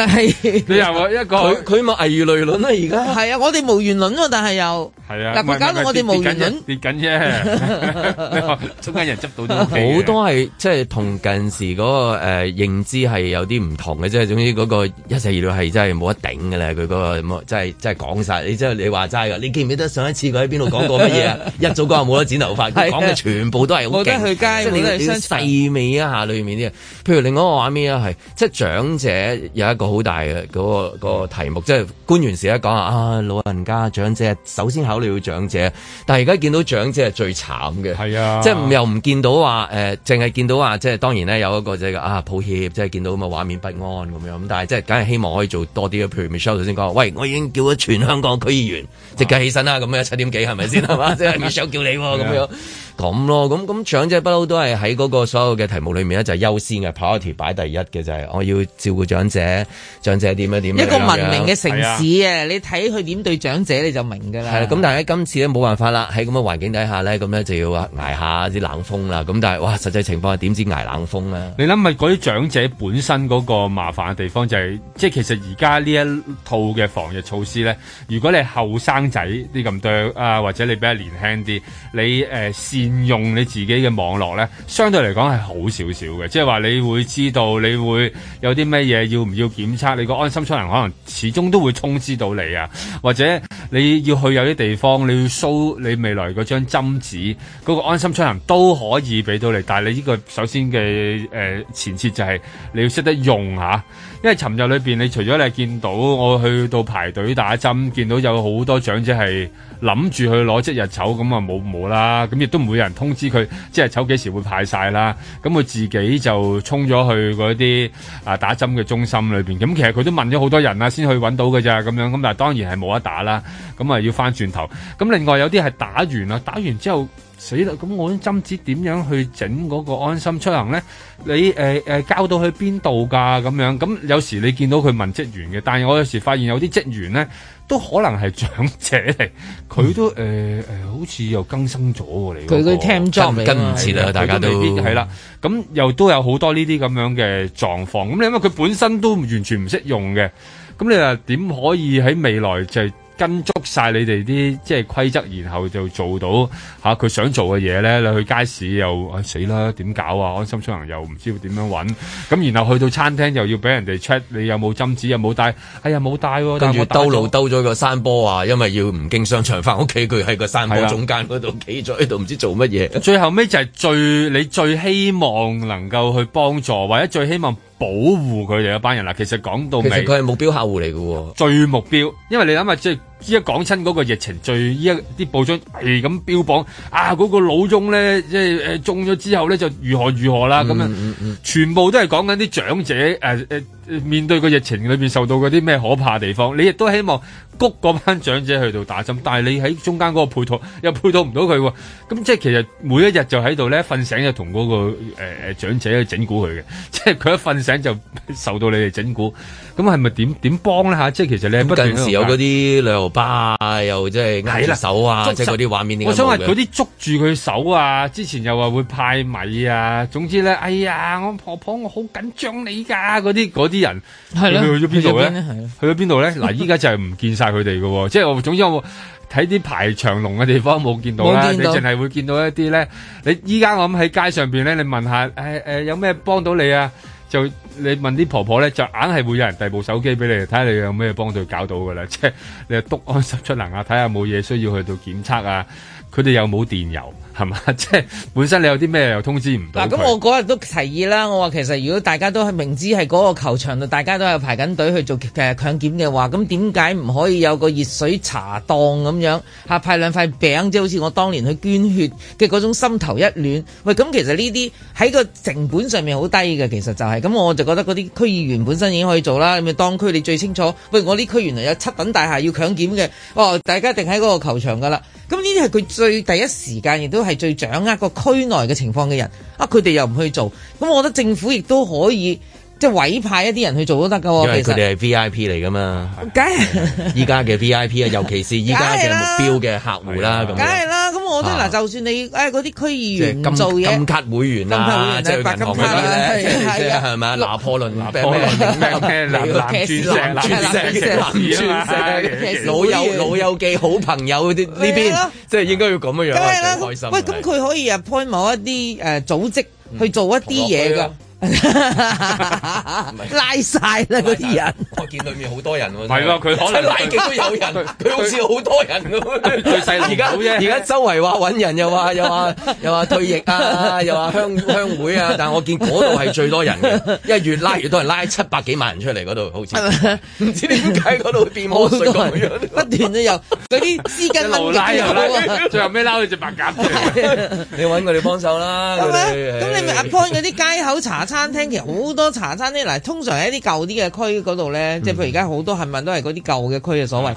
又一個佢佢冇危如累卵啊！而家係啊，我哋無言論喎，但係又係啊，搞到我哋無言論跌緊啫。中間人執到都好多係即係同近時嗰個誒認知係有啲唔同嘅即係總之嗰個一石二鳥係真係冇得頂嘅喇。佢嗰個即真係真係講晒，你真係你話齋㗎，你記唔記得上一次佢喺邊度講過乜嘢啊？ 一早講冇得剪頭髮，講 嘅全部都係冇得去街，就是，你都係想細味一下裡面啲譬如另外一個畫面啊？係，即係長者有一個好大嘅嗰、嗰個、嗰個題目，即係官員時一講啊，老人家長者首先考慮要長者，但係而家見到長者係最慘嘅，係啊即、呃是，即係又唔見到話誒，淨係見到話即係當然咧有一個即係啊抱歉，即係見到咁嘅畫面不安咁樣，咁但係即係梗係希望可以做多啲嘅，譬如 Michelle 頭先講喂，我已經叫咗全香港區議員即、啊、刻起身啦，咁樣七點幾係咪先係嘛？ 是吧 即係 Michelle 叫你咁、啊、樣。咁咯，咁咁長者不嬲都係喺嗰個所有嘅題目裏面咧，就係、是、優先嘅 priority 擺第一嘅就係、是、我要照顧長者，長者點樣點樣？一個文明嘅城市啊，啊你睇佢點對長者你就明㗎啦。咁、啊、但係喺今次咧冇辦法啦，喺咁嘅環境底下咧，咁咧就要挨下啲冷風啦。咁但係哇，實際情況係點知挨冷風咧？你諗下嗰啲長者本身嗰個麻煩嘅地方就係、是，即係其實而家呢一套嘅防疫措施咧，如果你係後生仔啲咁對啊，或者你比較年輕啲，你、呃、試。應用你自己嘅網絡呢，相對嚟講係好少少嘅，即係話你會知道，你會有啲咩嘢要唔要檢測，你個安心出行可能始終都會通知到你啊，或者你要去有啲地方，你要掃你未來嗰張針紙，嗰個安心出行都可以俾到你，但係你呢個首先嘅誒前設就係你要識得用吓。因為尋日裏邊，你除咗你見到我去到排隊打針，見到有好多長者係諗住去攞即日籌，咁啊冇冇啦，咁亦都唔會有人通知佢，即日籌幾時會派晒啦，咁佢自己就衝咗去嗰啲啊打針嘅中心裏邊，咁其實佢都問咗好多人啦，先去揾到嘅咋，咁樣咁但係當然係冇得打啦，咁啊要翻轉頭，咁另外有啲係打完啦，打完之後。死啦！咁我啲針紙點樣去整嗰個安心出行咧？你誒誒、呃、交到去邊度㗎咁樣？咁有時你見到佢問職員嘅，但係我有時發現有啲職員咧都可能係長者嚟，佢都誒誒、嗯呃、好似又更新咗你佢、那、嗰個聽裝跟唔切啦，大家都係啦。咁又都有好多呢啲咁樣嘅狀況。咁你因為佢本身都完全唔識用嘅，咁你又點可以喺未來就是？跟足晒你哋啲即係規則，然後就做到吓。佢、啊、想做嘅嘢咧。你去街市又啊、哎、死啦，點搞啊？安心出行又唔知點樣揾。咁然後去到餐廳又要俾人哋 check 你有冇針紙，又冇帶。哎呀冇帶喎。跟住兜路兜咗個山坡啊，因為要唔經商場翻屋企，佢喺個山坡中間嗰度企咗喺度，唔知做乜嘢。最後尾就係最你最希望能夠去幫助，或者最希望。保護佢哋一班人啦，其實講到尾，其實佢係目標客戶嚟嘅喎，最目標，因為你諗下即係。依家講親嗰個疫情最依家啲報章係咁標榜啊，嗰、嗰個腦中咧，即係中咗之後咧就如何如何啦咁樣，全部都係講緊啲長者誒誒、呃呃、面對個疫情裏面受到嗰啲咩可怕地方。你亦都希望谷嗰班長者去到打針，但係你喺中間嗰個配套又配套唔到佢喎。咁即係其實每一日就喺度咧，瞓醒就同嗰、嗰個誒長、呃、長者去整蠱佢嘅，即係佢一瞓醒就受到你哋整蠱。咁係咪點點幫咧吓？即係其實你不斷咁時有嗰啲旅遊巴、啊、又即係握手啊，即係嗰啲畫面。我想話嗰啲捉住佢手啊，之前又話會派米啊。總之咧，哎呀，我婆婆我好緊張你噶、啊。嗰啲嗰啲人你去咗邊度呢？去咗邊度咧？嗱，依家就係唔見晒佢哋噶， 即係我。總之我睇啲排長龍嘅地方冇見到啦、啊，你淨係會見到一啲咧。你依家我諗喺街上邊咧，你問下誒誒、哎呃，有咩幫到你啊？就你問啲婆婆咧，就硬係會有人遞部手機俾你，睇下你有咩幫到搞到噶啦，即係你督安心出能啊，睇下有冇嘢需要去到檢測啊，佢哋有冇電油。係嘛？即係本身你有啲咩又通知唔到嗱？咁、啊、我嗰日都提議啦。我話其實如果大家都係明知係嗰個球場大家都係排緊隊去做誒強檢嘅話，咁點解唔可以有個熱水茶檔咁樣？吓派兩塊餅，即係好似我當年去捐血嘅嗰種心頭一暖。喂，咁其實呢啲喺個成本上面好低嘅，其實就係、是、咁。我就覺得嗰啲區議員本身已經可以做啦。咁當區你最清楚。喂，我呢區原來有七等大廈要強檢嘅，哦，大家一定喺嗰個球場噶啦。咁呢啲係佢最第一時間，亦都係最掌握個區內嘅情況嘅人啊！佢哋又唔去做，咁我覺得政府亦都可以。即係委派一啲人去做都得噶，因為佢哋係 VIP 嚟噶嘛。梗係依家嘅 VIP 啊， 尤其是依家嘅目標嘅客戶啦。梗係啦，咁我覺得嗱、啊，就算你誒嗰啲區議員做嘢，金卡會員啦、啊，即係、啊就是、銀行嗰、啊、啲，即係係咪拿破侖？拿破侖轉石，拿破侖轉石，拿破侖轉石，老友老友嘅好朋友嗰啲呢邊，即係應該要咁嘅樣。梗係啦，喂，咁佢可以 appoint 某一啲誒組織去做一啲嘢㗎。 拉晒啦嗰啲人， 我見裏面好多人喎。係 佢、啊、可能拉極都有人，佢好似好多人咁。細而家而家周圍話搵人又話 又話說 又話退、啊、 說鄉 退役啊，又話鄉鄉會啊。 但係我見嗰度係最多人嘅， 因為越拉越多人拉七百幾萬人出嚟嗰度，好似唔 知點解嗰度變魔術咁樣， 不斷都地有嗰啲資金流最後屘撈到隻白鴿， 你揾佢哋幫手啦。咁你咪 appoint 嗰啲街口查？ 餐廳其實好多茶餐廳，嗱，通常喺啲舊啲嘅區嗰度咧，即係譬如而家好多係咪都係嗰啲舊嘅區嘅所謂。嗯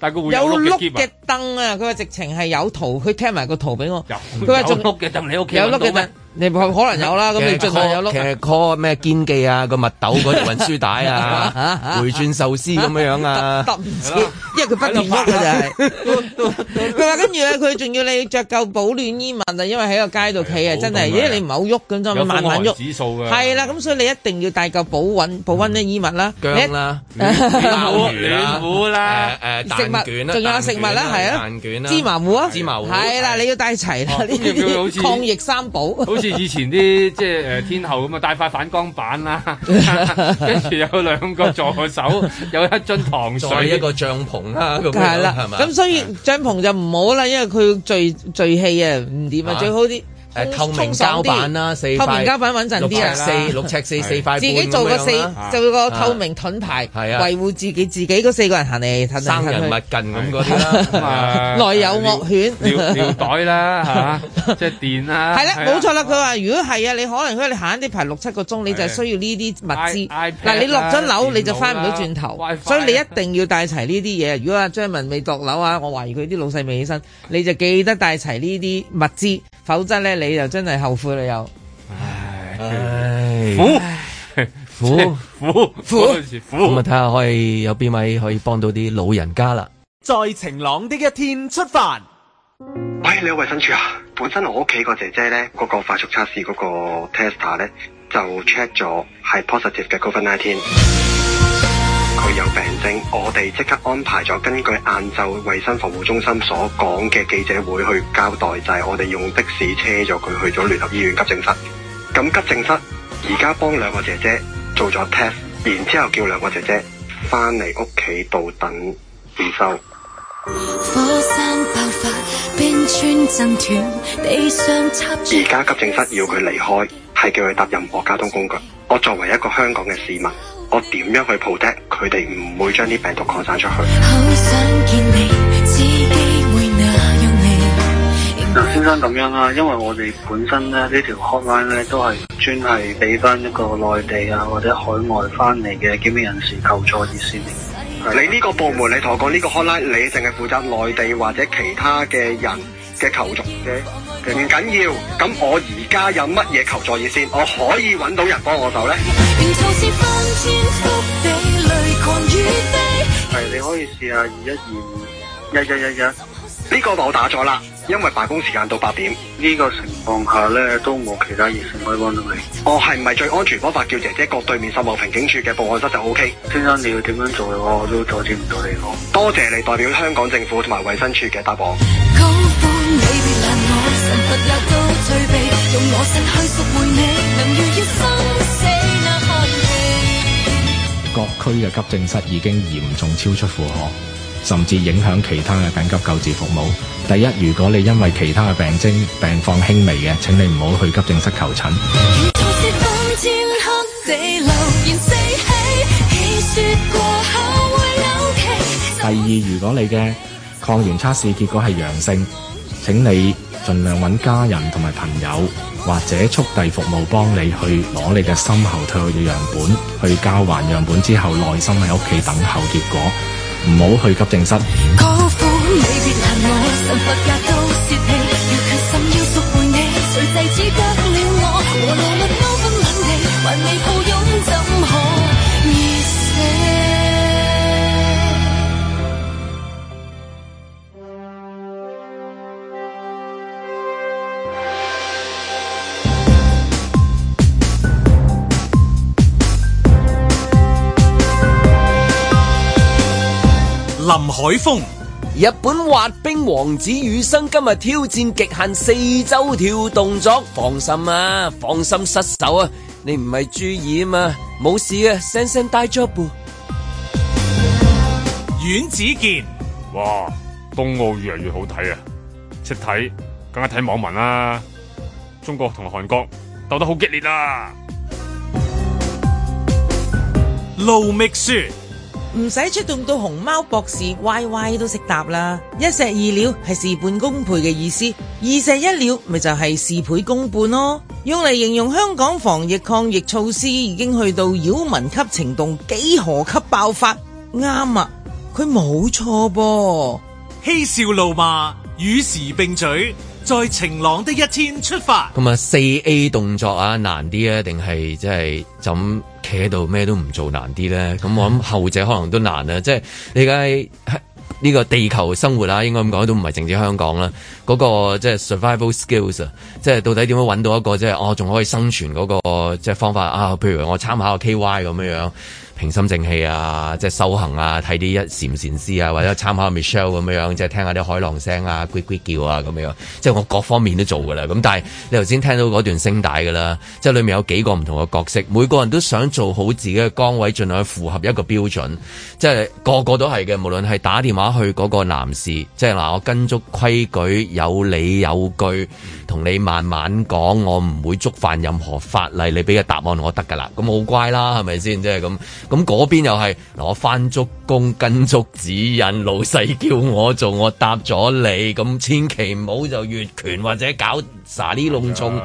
會有碌嘅燈啊！佢話直情係有圖，佢貼埋個圖畀我。佢話仲碌嘅，你屋企有碌嘅燈。你可能有啦，咁你著耐有碌。誒，call 咩堅記啊？個麥豆嗰條運輸帶啊，回轉壽司咁樣樣啊。得唔切？因為佢不斷甩嘅就係。佢話跟住咧，佢仲要你著夠保暖衣物啊，因為喺個街度企啊，真係。因為，你唔好喐咁多，慢慢喐。係啦，咁所以你一定要帶夠保溫保溫啲衣物啦。棉啦，棉褲、暖褲啦。誒誒，食物，仲有食物啦，係啊。芝麻糊啊，芝麻糊。係啦，你要帶齊啦。啲啲抗疫三寶。好似 以前啲即係誒天后咁啊，帶塊反光板啦、啊，跟 住 有兩個助手， 有一樽糖水，一個帳篷啦咁樣。係 啦、啊，係、這、嘛、個？咁所以帳篷就唔好啦，因為佢聚聚氣啊，唔掂啊，啊，最好啲。啊、透明膠板啦，四塊六尺四六尺四四塊，自己做個四做個透明盾牌，維護自己自己嗰四個人行嚟行去。生人勿近咁嗰啲啦，內有惡犬，尿袋啦，即 係、啊就是、電啦、啊。係啦，冇錯啦。佢話、啊、如果係啊，你可能佢你行啲排六七個鐘，你就需要呢啲物資。嗱，你落咗樓你就翻唔到轉頭，所以你一定要帶齊呢啲嘢。如果阿張文未落樓啊，我懷疑佢啲老細未起身，你就記得帶齊呢啲物資，否則咧。你就真係後悔啦！又，唉，唉苦唉苦苦苦苦咁啊！睇下可以有邊位可以幫到啲老人家啦。在晴朗的一天出發。喂，你好衛生署啊！本身我屋企個姐姐咧，嗰個快速測試嗰個 tester 咧就 check 咗係 positive 嘅高分。n i 佢有病症，我哋即刻安排咗，根據晏晝衛生防護中心所講嘅記者會去交代，就係、是、我哋用的士車咗佢去咗聯合醫院急症室。咁急症室而家幫兩個姐姐做咗 test，然之後叫兩個姐姐翻嚟屋企度等接收。而家急症室要佢離開，係叫佢搭任何交通工具。我作為一個香港嘅市民。我點樣去 protect 佢哋唔會將啲病毒擴散出去？先生，咁樣啦，因為我哋本身咧呢條 hotline 咧都係專係俾翻一個內地啊或者海外翻嚟嘅檢疫人士求助熱線。你呢個部門，Yes. 你同我講呢個 hotline，你淨係負責內地或者其他嘅人嘅求助嘅。唔緊要，咁我而家有乜嘢求助熱線？我可以揾到人幫我手呢？係、嗯，你可以試下二一二五一一一一。呢、這個我打咗啦。因為辦公時間到八點，呢、這個情況下呢，都冇其他熱線可以幫到你。我係唔係最安全方法叫姐姐？過對面十貿平警署嘅報案室就 O K？先生你要點樣做嘅話，我都阻止唔到你咯。多謝你代表香港政府同埋衛生署嘅答案。各區嘅急症室已經嚴重超出負荷，甚至影響其他嘅緊急救治服務。第一，如果你因為其他嘅病徵、病況輕微嘅，請你唔好去急症室求診。第二，如果你嘅抗原測試結果係陽性，請你。盡量揾家人同埋朋友，或者速遞服務幫你去攞你嘅深喉唾液樣本，去交還樣本之後，耐心喺屋企等候結果，唔好去急症室。林海峰，日本滑冰王子羽生今日挑戰極限四周跳動作，放心啊，放心失手啊，你唔係注意啊嘛，冇事啊，聲聲大腳步。阮子健，哇，冬奧越嚟越好睇啊，識睇梗係睇網民啦、啊，中國同韓國鬥得好激烈啊，盧覓雪。唔使出動到熊貓博士，Y Y 都識答啦。一石二鳥係事半功倍嘅意思，二石一鳥咪就係、是、事倍功半咯、哦。用嚟形容香港防疫抗疫措施已經去到擾民級程度幾何級爆發？啱啊，佢冇錯噃。嬉笑怒罵與時並舉，在晴朗的一天出發。咁啊，四 A 動作啊，難啲啊，定係即係就咁企喺度咩都唔做難啲咧，咁我諗後者可能都難啊、嗯！即係你喺呢個地球生活啊，應該咁講都唔係淨止香港啦，嗰、嗰個即係 survival skills，即係到底點樣揾到一個即係我仲可以生存嗰、嗰個即係方法啊？譬如我參考個 KY 咁樣樣。平心靜氣啊，即係修行啊，睇啲一禪禪師啊，或者參考 Michelle 咁樣，即係聽下啲海浪聲啊，嗚嗚叫啊咁樣，即係我各方面都做㗎啦。咁但係你頭先聽到嗰段聲帶㗎啦，即係裏面有幾個唔同嘅角色，每個人都想做好自己嘅崗位，盡量去符合一個標準，即係個個都係嘅。無論係打電話去嗰個男士，即係嗱，我跟足規矩，有理有據，同你慢慢講，我唔會觸犯任何法例，你俾個答案我得㗎啦。咁好乖啦，係咪先？即係咁。咁嗰邊又係嗱，我翻足工跟足指引，老細叫我做，我答咗你。咁千祈唔好就越權或者搞啥啲弄重，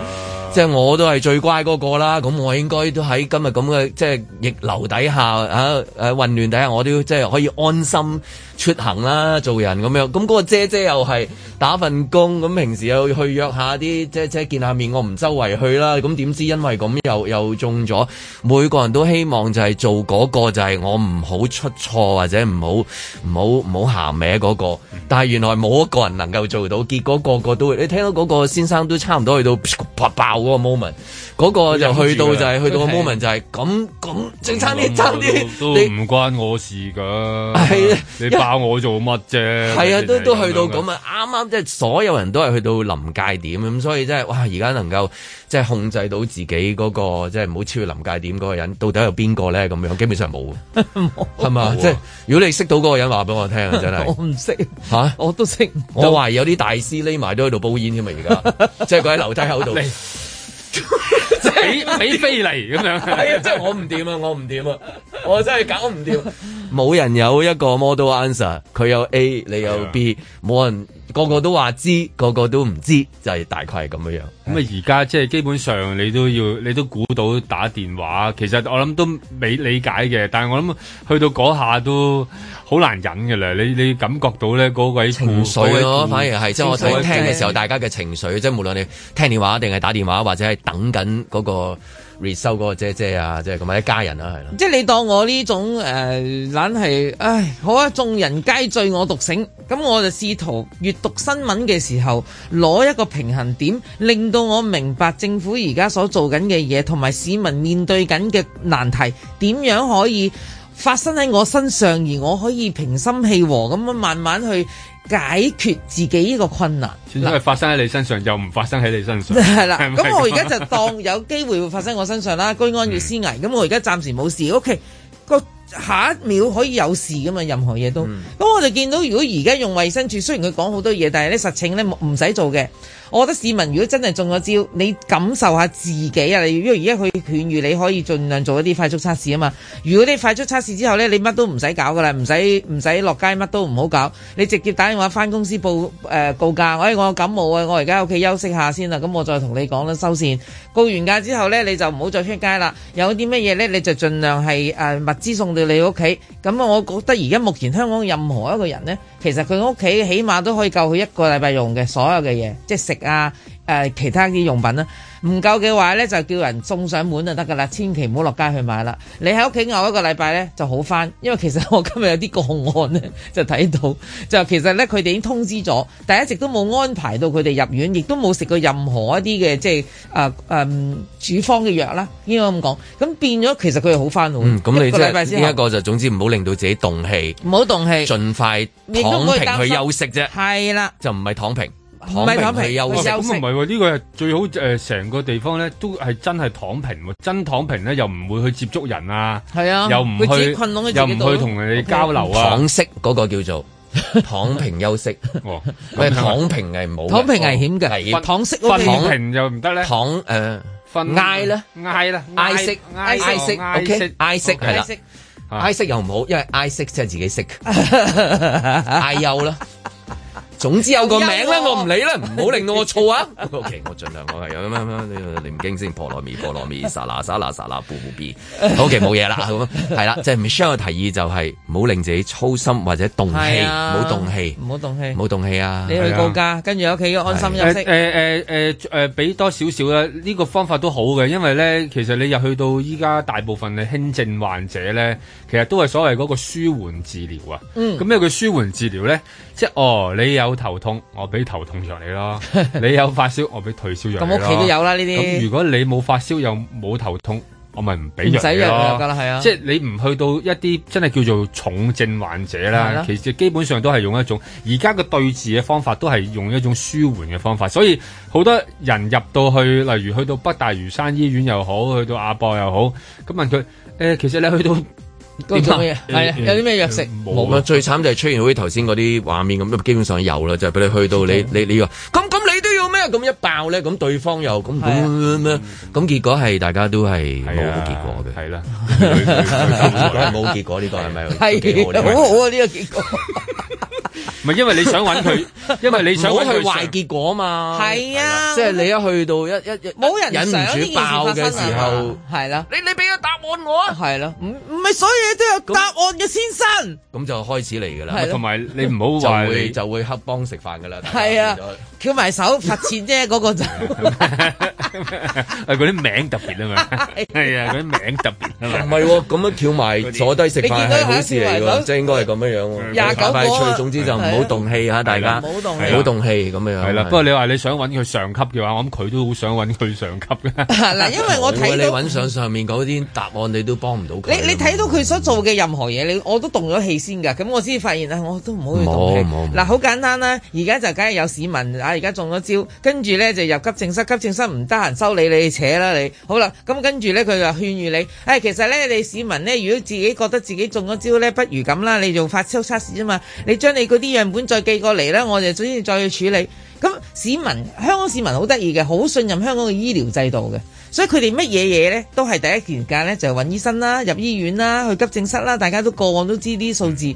即係我都係最乖嗰、嗰個啦。咁我應該都喺今日咁嘅即係逆流底下啊，啊混亂底下，我都即係可以安心。.出行啦，做人咁樣，咁、那、嗰個姐姐又係打份工，咁平時又去約下啲姐姐見下面，我唔周圍去啦。咁點知因為咁又又中咗，每個人都希望就係做嗰個就係我唔好出錯或者唔好唔好唔好行歪嗰、那個，嗯、但係原來冇一個人能夠做到，結果個個都會你聽到嗰個先生都差唔多去到爆嗰個 moment，嗰、那個就去到就係、是、去到個 moment 就係咁咁仲差啲差啲，都唔關我事㗎，係啊，你爆。我做乜啫？係啊，都都去到咁啊，啱啱即係所有人都係去到臨界點咁，所以即係哇！而家能夠即係控制到自己嗰個，即係唔好超越臨界點嗰個人到底係邊個咧？咁樣基本上冇，係嘛？即係如果你識到嗰個人，話俾我聽啊！真 係我唔識吓，我都識、啊。我懷疑有啲大師匿埋都喺度煲煙啫嘛！而家即係佢喺樓梯口度。 你 俾俾飛嚟咁樣，真係我唔掂啊！我唔掂啊！我真係搞唔掂。冇人有一個 model answer，佢有 A，你有 B，冇人。個個都話知，個個都唔知，就係大概係咁嘅樣。咁啊，而家即係基本上你都要，你都估到打電話。其實我諗都未理解嘅，但係我諗去到嗰下都好難忍噶啦。你你感覺到咧，嗰位情緒咯，反而係即係我聽嘅時候，大家嘅情緒，即係無論你聽電話定係打電話，或者係等緊嗰個。回收嗰個姐姐啊，即係咁啊一家人啊，係啦。即係你當我呢種誒、呃，懶係，唉，好啊，眾人皆醉我獨醒。咁我就試圖閱讀新聞嘅時候，攞一個平衡點，令到我明白政府而家所做緊嘅嘢，同埋市民面對緊嘅難題，點樣可以發生喺我身上，而我可以平心氣和咁樣慢慢去，解決自己呢個困難，因為發生喺你身上，又唔發生喺你身上。係啦， 咁我而家就當有機會會發生我身上啦。 居安要思危，咁我而家暫時冇事，O K。個、okay，下一秒可以有事噶嘛，任何嘢都。咁 我就見到，如果而家用衛生處，雖然佢講好多嘢，但係啲實情咧唔使做嘅。我覺得市民如果真係中咗招，你感受下自己啊！如果而家佢勸喻你可以盡量做一啲快速測試啊嘛。如果你快速測試之後呢，你乜都唔使搞噶啦，唔使唔使落街，乜都唔好搞。你直接打電話翻公司報誒告、呃、假。哎，我有感冒啊，我而家屋企休息下先啦。咁我再同你講啦，收線。告完假之後咧，你就唔好再出街啦。有啲乜嘢咧，你就盡量係誒物資送到你屋企。咁啊，我覺得而家目前香港任何一個人咧，其實佢屋企起碼都可以夠佢一個禮拜用嘅所有嘅嘢，即係食啊。誒、呃，其他啲用品啦，唔夠嘅話咧就叫人送上門就得噶啦，千祈唔好落街去買啦。你喺屋企臥一個禮拜咧就好翻，因為其實我今日有啲個案咧就睇到，就其實咧佢哋已經通知咗，但係一直都冇安排到佢哋入院，亦都冇食過任何一啲嘅即係誒誒處方嘅藥啦。應該咁講，咁變咗其實佢係好翻好。嗯，咁、嗯、你即係呢一個就總之唔好令到自己動氣，唔好動氣，盡快躺平去休息啫。係啦，就唔係躺平。唔係躺平休息，咁唔係喎？呢個係最好誒，成個地方咧都係真係躺平喎，真躺平咧又唔會去接觸人啊，係啊，又唔去，又唔去同人哋交流啊。躺息嗰個叫做躺平休息，哦，係躺平係唔好。躺平危險嘅係，躺息嗰啲躺平又唔得咧。躺誒瞓挨啦，挨啦，挨息，挨息，挨息，挨息係啦，挨息又唔好，因為挨息即係自己息，挨休啦。總之有個名啦，我唔理啦，唔好令到我燥啊。 OK，我儘量我係咩咩，你唔驚先，菠羅蜜，菠羅蜜，沙那沙那沙那布布比。OK，冇嘢啦。咁係啦，即、就、係、是、Michelle 嘅提議就係唔好令自己操心或者動氣，唔好、啊、動氣，唔好動氣，唔啊。你去度假，跟住喺屋企安心休息。誒誒誒誒俾多少少啦。呢、呢個方法都好嘅，因為咧，其實你入去到依家大部分嘅輕症患者咧，其實都係所謂嗰個舒緩治療啊。咁、嗯、有叫舒緩治療咧？即係哦，你有。頭痛，我俾頭痛藥你咯。你有發燒，我俾退燒藥。咁屋企都有啦呢啲。咁如果你冇發燒又冇頭痛，我咪唔俾藥咯。唔使藥噶啦，係啊。即係你唔去到一啲真係叫做重症患者啦。其實基本上都係用一種而家嘅對治嘅方法，都係用一種舒緩嘅方法。所以好多人入到去，例如去到北大嶼山醫院又好，去到亞博又好，咁問佢：誒，其實你去到？啲乜嘢係啊？有啲咩藥食？冇啊？最慘就係出現好似頭先嗰啲畫面咁，基本上有啦，就係俾你去到你你你話咁咁你都要咩？咁一爆咧，咁對方又咁咁咁，咁、啊、結果係大家都係冇結果嘅、啊，係啦，冇結果呢 個係咪？係，好啊呢、呢個結果。 唔係，因為你想揾佢，因為你想揾佢壞結果嘛。係啊，即係你一去到一一冇人忍唔住爆嘅時候，係啦。你你俾個答案我啊。係啦，唔唔係所有都有答案嘅，先生。咁就開始嚟噶啦，同埋你唔好話就會就會黑幫食飯噶啦。係啊，翹埋手罰錢啫，嗰個就係嗰啲名特別啊嘛。係啊，嗰啲名特別啊嘛。唔係咁樣翹埋坐低食飯係好事嚟噶，即係應該係咁樣樣廿九，總之。就唔好動氣啊！大家唔好動氣，唔好動氣咁樣。係啦，不過你話你想揾佢上級嘅話，我諗佢都好想揾佢上級嘅。嗱，因為我睇 你揾上上面嗰啲答案，你都幫唔到佢。你你睇到佢所做嘅任何嘢，你我都動咗氣先㗎。咁我先發現啊，我都唔好去動氣。冇冇。嗱，好簡單啦。而家就梗係有市民啊，而家中咗招，跟住咧就入急症室。急症室唔得閒收你，你扯啦，你好啦。咁跟住咧，佢就勸喻你，誒、哎，其實咧，你市民咧，如果自己覺得自己中咗招咧，不如咁啦，你用發燒測試啊嘛，你將你。嗰啲樣本再寄過嚟咧，我哋先再去處理。咁市民，香港市民好得意嘅，好信任香港嘅醫療制度嘅，所以佢哋乜嘢嘢呢，都係第一時間呢，就係揾醫生啦，入醫院啦，去急症室啦，大家都過往都知啲數字。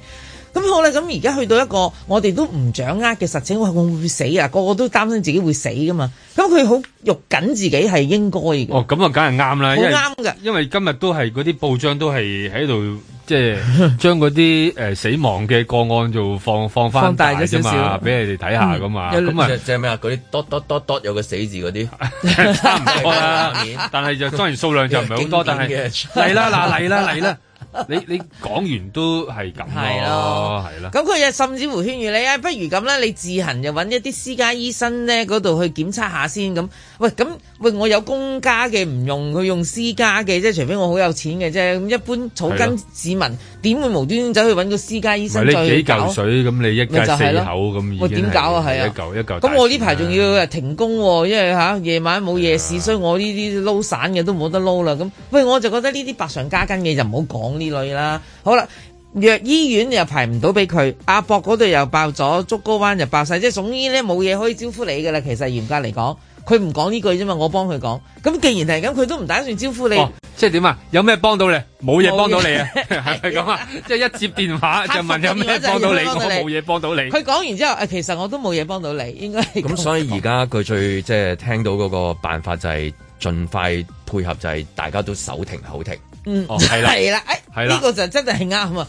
咁好啦，咁而家去到一個我哋都唔掌握嘅實情，我會唔會死啊！個個都擔心自己會死噶嘛，咁佢好肉緊自己係應該嘅。哦，咁啊，梗係啱啦，好啱㗎，因為今日都係嗰啲報章都係喺度即係將嗰啲誒死亡嘅個案就放放翻大少少俾你哋睇下噶嘛。咁啊即係咩啊？嗰啲多多多多」就是 dot, dot, dot, dot，有個死字嗰啲 差唔多啦。 但係就當然數量就唔係好多，但係嚟、啊、啦，嗱嚟啦，嚟 啦！ 你你講完都係咁咯，係咯，係啦。咁佢又甚至乎勸喻你啊，不如咁啦，你自行就揾一啲私家醫生咧，嗰度去檢測下先咁。喂，咁喂，我有公家嘅唔用，佢用私家嘅，即係除非我好有錢嘅啫。咁一般草根市民點會無端端走去揾個私家醫生？你幾嚿水咁？你一嚿四口咁，我、就、點、是、搞啊？係啊，一嚿一嚿。咁我呢排仲要停工，因為吓、啊、夜晚冇夜市，所以我呢啲撈散嘅都冇得撈啦。咁喂，我就覺得呢啲百上加斤嘅就唔好講呢。之類啦，好啦，若醫院又排唔到俾佢，阿博嗰度又爆咗，竹篙灣又爆晒，即係總之呢冇嘢可以招呼你噶啦。其實嚴格嚟講，佢唔講呢句啫嘛，我幫佢講。咁既然係咁，佢都唔打算招呼你。哦、即係點啊？有咩幫到你？冇嘢幫到你啊？係 咪咁啊？即係一接電話就問有咩幫到， 到你，我冇嘢幫到你。佢講完之後，其實我都冇嘢幫到你，應該。咁所以而家佢最即係聽到嗰個辦法就係盡快配合，就係、是、大家都手停口停。嗯，係、哦、啦，係啦，呢、欸這個就真係係啱啊！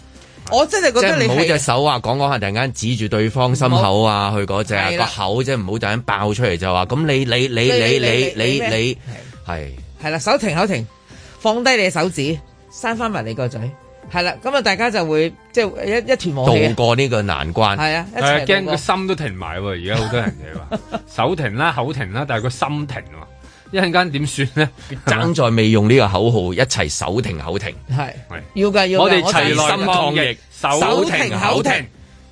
我真係覺得你好隻手啊，講講下突然間指住對方心口啊，佢嗰隻個、啊、口即係唔好突然間爆出嚟就話，咁你你你你你你你係係啦，手停口停，放低你嘅手指，閂翻埋你個嘴，係啦，咁啊大家就會即係一一團和氣、啊、度過呢個難關，係啊，驚個心都停埋喎、啊！而家好多人嘅話， 手停啦，口停啦，但係個心停啊。一陣間點算咧？爭 在未用呢個口號，一齊手停口停，係要嘅，要，要我哋齊我心抗疫，手停，手停口停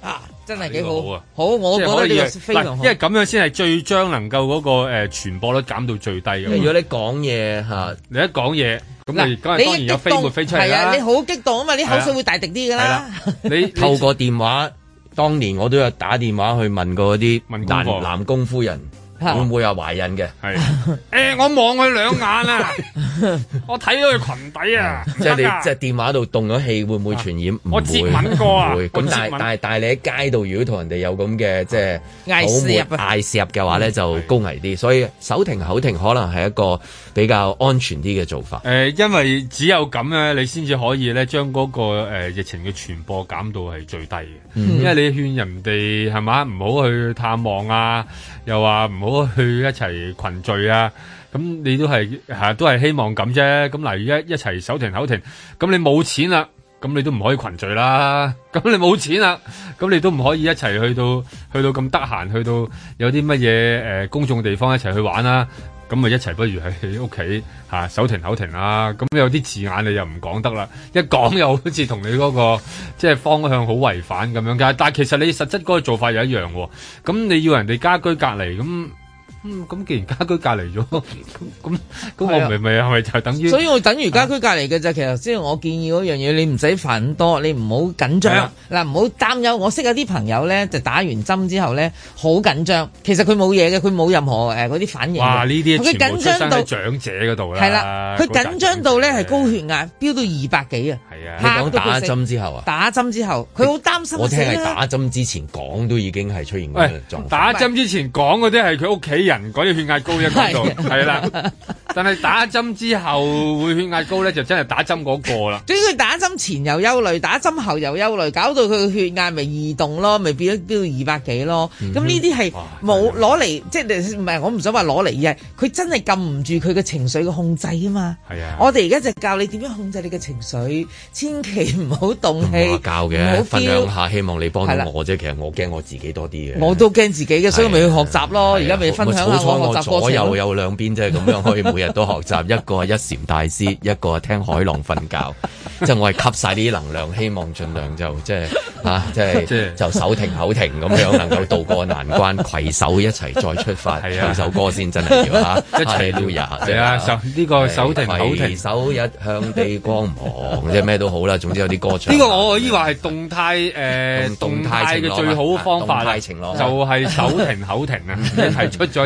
啊！真係幾好，啊這個好，啊、好，我覺得呢個非常好。因為咁樣先係最將能夠嗰，那個誒、呃、傳播率減到最低嘅。如果你講嘢嚇，你一講嘢咁，你、啊、當然有飛沫飛出嚟，係啊，你好激動啊嘛，你口水會大滴啲㗎啦。你 透過電話，當年我都有打電話去問過啲南南宮夫人。會唔會有懷孕嘅？係誒、欸，我望佢兩眼啊， 我睇到佢裙底啊！即係、啊、你即係電話度動咗氣，會唔會傳染、啊會？我接吻過啊！會。咁但係但係但係你喺街度如果同人哋有咁嘅即係好悶嗌攝嘅話咧，就高危啲。所以手停口停可能係一個比較安全啲嘅做法。誒、呃，因為只有咁咧，你先至可以咧、那個，將嗰個誒疫情嘅傳播減到係最低嘅、嗯。因為你勸人哋係嘛，唔好去探望啊。又話，唔好去一齊群聚呀，咁你都係，都係希望咁啫，咁例如一,一齊手停口停，咁你冇錢啦，咁你都唔可以群聚啦，咁你冇錢啦，咁你都唔可以一齊去到，去到咁得閒，去到有啲乜嘢，誒公眾地方一齊去玩啦。咁咪一齊不如喺屋企吓手停口停啦、啊。咁有啲字眼你又唔講得啦，一講又好似同你嗰個即係方向好違反咁樣。但但其實你實質嗰個做法又一樣喎。咁你要人哋家居隔離咁。咁、嗯、既然家居隔離咗，咁咁，我唔明咪，啊？咪就係等於，所以我等於家居隔離嘅就其實，即係我建議嗰樣嘢，你唔使煩多，你唔好緊張，嗱、啊，唔好擔憂。我識有啲朋友咧，就打完針之後咧，好緊張。其實佢冇嘢嘅，佢冇任何誒嗰啲反應。哇，呢啲佢緊張喺長者嗰度啦。係啦，佢緊張到咧係高血壓飆到二百幾啊。係啊，你講打針之後啊？打針之後，佢好擔心、欸。我聽係打針之前講、啊、都已經係出現咗狀況。打針之前講嗰啲係佢屋企人。講啲血壓高喺嗰度，係啦、啊。 但係打針之後會血壓高咧，就真係打針嗰個啦。主佢打針前又憂慮，打針後又憂慮，搞到佢嘅血壓咪異動咯，咪變咗飆到二百幾咯。咁呢啲係冇攞嚟，即係唔係？我唔想話攞嚟嘅，佢真係禁唔住佢嘅情緒嘅控制啊嘛。係啊，我哋而家就教你點樣控制你嘅情緒，千祈唔好動氣，教嘅。分享下，希望你幫到我啫、啊。其實我驚我自己多啲嘅，我都驚自己嘅，所以咪去學習咯。而家咪分。好彩我左右有兩邊，即係咁樣，可以每日都學習 一個係一禪大師 一個係聽海浪瞓覺，即 係我係吸晒啲能量，希望盡量就即係吓即係就手停口停咁樣能夠渡過難關攜 手一齊再出發唱、啊、首歌先真係要 啊，一齊撩人。係 啊，呢、這個手停口停，哎、手一向地光芒，即係咩都好啦。總之有啲歌唱呢、這個我依話係動態誒動態嘅最好方法啦。情就係手停口停啊！提出咗。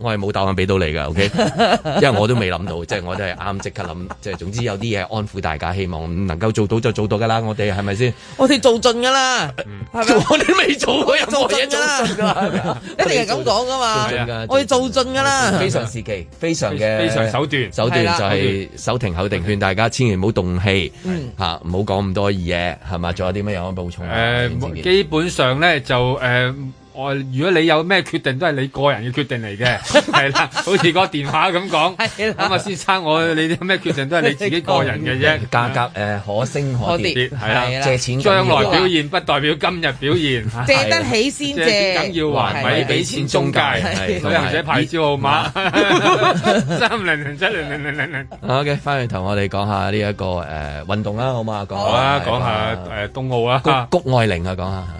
我係冇答案俾到你噶，OK？因為我都未諗到，即、就、係、是、我都係啱即刻諗，即、就、係、是、總之有啲嘢安撫大家，希望能夠做到就做到噶啦。我哋係咪先？我哋做盡噶啦，嗯， 我哋未做過嘅嘢。做盡噶啦，一定係咁講噶嘛。我哋做盡噶啦，非常時期，非常嘅手段，非常手段、啊啊，手段就係手停口停，勸大家千祈唔好動氣，唔好講咁多嘢，係咪？仲有啲咩嘢可以補充啊？呃、基本上咧就、呃我，如果你有咩決定都係你個人嘅決定嚟嘅，係啦，好似個電話咁講，咁啊，先生，我你啲咩決定都係你自己個人嘅啫。價格誒，可升可跌，係啦，借錢將來表現不代表今日表現，借得起先借，梗要還，咪俾錢中介，唔寫牌照號碼，三零零七零零零零。好嘅，翻去同我哋講下呢一個誒運動啦，好嘛，講啊，講下誒冬奧啊，谷愛玲啊，講下。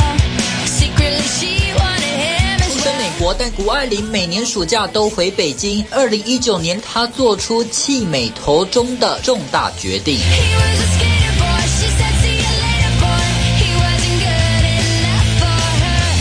但谷愛凌每年暑假都回北京。2019年，她做出棄美投中的重大決定。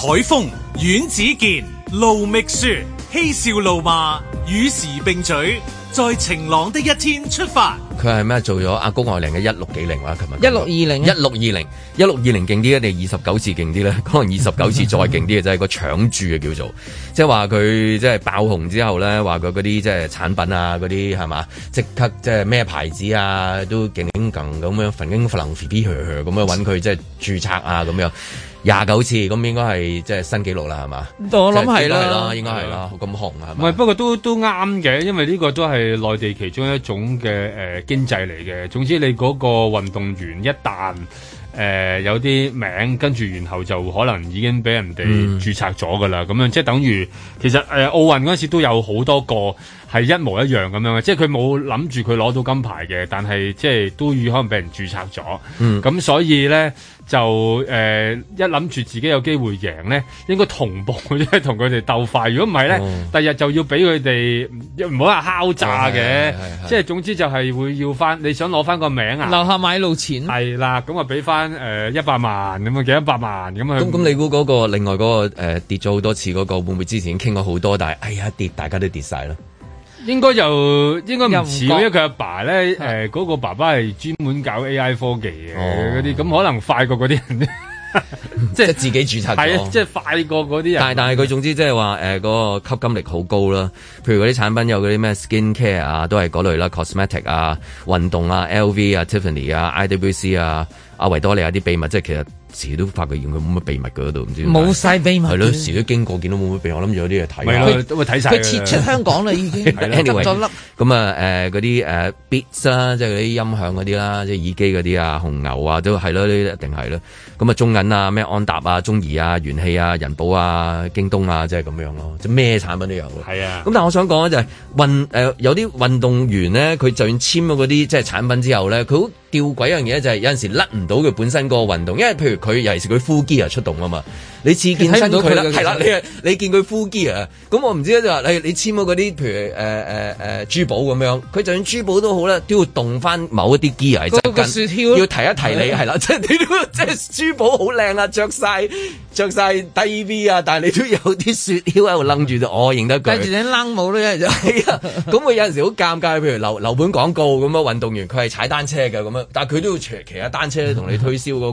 海峰、阮子健、盧覓雪、嬉笑怒罵，與時並舉。在晴朗的一天出發。佢係咩？做咗阿谷愛凌嘅一六幾零啦、啊，琴日一六二零、啊，一六二零，一六二零勁啲啊，定二十九次勁啲咧？可能二十九次再勁啲嘅， 就係個搶注嘅叫做，即係話佢即係爆紅之後咧，話佢嗰啲即係產品啊，嗰啲係嘛，即刻即係咩牌子啊，都勁勁更咁樣，紛英弗能皮皮呵呵咁樣揾佢，即係註冊啊咁樣。廿九次咁應該係即係新紀錄啦，係嘛？我諗係啦，應該係啦，咁紅係咪？唔係，不過都都啱嘅，因為呢個都係內地其中一種嘅誒經濟嚟嘅。總之你嗰個運動員一旦誒有啲名，跟住然後就可能已經俾人哋註冊咗噶啦。咁樣即係等於其實誒奧運嗰陣時都有好多個係一模一樣咁樣嘅，即係佢冇諗住佢攞到金牌嘅，但係即係都有可能俾人註冊咗。嗯，咁所以咧。就誒、呃、一諗住自己有機會贏咧，應該同步即係同佢哋鬥快。如果唔係咧，第、哦、日就要俾佢哋唔好話敲詐嘅，是是是是是即係總之就係會要翻你想攞翻個名啊，留下買路錢。係啦，咁啊俾翻誒一百萬咁啊幾一百萬咁啊。咁咁，你估嗰、嗰個另外嗰、嗰個、呃、跌咗好多次嗰、嗰個會唔會之前傾過好多？但係哎呀跌，大家都跌晒啦。應該就應該唔似，因為佢阿爸咧，誒嗰、呃那個爸爸係專門搞 A I 科技嘅嗰啲，咁、哦、可能快過嗰啲人， 即係自己註冊咗， 即係是 快過嗰啲人。但係但係佢總之即係話，誒、呃、嗰、那個吸金力好高啦。譬如嗰啲產品有嗰啲咩 skin care 啊，都係嗰類啦，cosmetic 啊，運動啊，LV 啊，Tiffany 啊，IWC 啊，阿維多利亞啲秘密，即係其實。時都發覺原來冇乜秘密嗰度，唔知冇晒秘密係咯，時都經過見到冇乜秘密，我諗住有啲嘢睇。佢撤出香港啦，已經執咗粒。咁 啊 anyway, 誒嗰啲誒 Beats 啦，即係嗰啲音響嗰啲啦，即係耳機嗰啲啊，紅牛啊，都係咯，呢一定係咯。咁啊，中銀啊，咩安踏啊，中移啊，元氣啊，人保啊，京東啊，即係咁樣咯，即咩產品都有。係啊。咁但係我想講就係、是、運誒、呃、有啲運動員呢，佢就算簽咗嗰啲即係產品之後呢，佢好吊詭一樣嘢就係、是、有陣時甩唔到佢本身個運動，因為譬如。佢尤其是佢呼肌又出動啊嘛。你似見到佢啦，係啦，你你見佢呼機啊？咁我唔知咧，就話你，你簽嗰啲譬如誒誒誒珠寶咁樣，佢就算珠寶都好咧，都要動翻某一啲 gear，那個、要提一提你係啦，即係你都即係珠寶好靚啦，着晒，着晒低 V 啊，但係你都有啲雪橇喺度楞住， 我認得佢。戴住你冷帽都一樣係咁佢有陣 時好尷尬，譬如樓樓盤廣告咁樣，運動員佢係踩單車嘅咁樣，但係佢都要騎騎下單車同你推銷嗰、嗰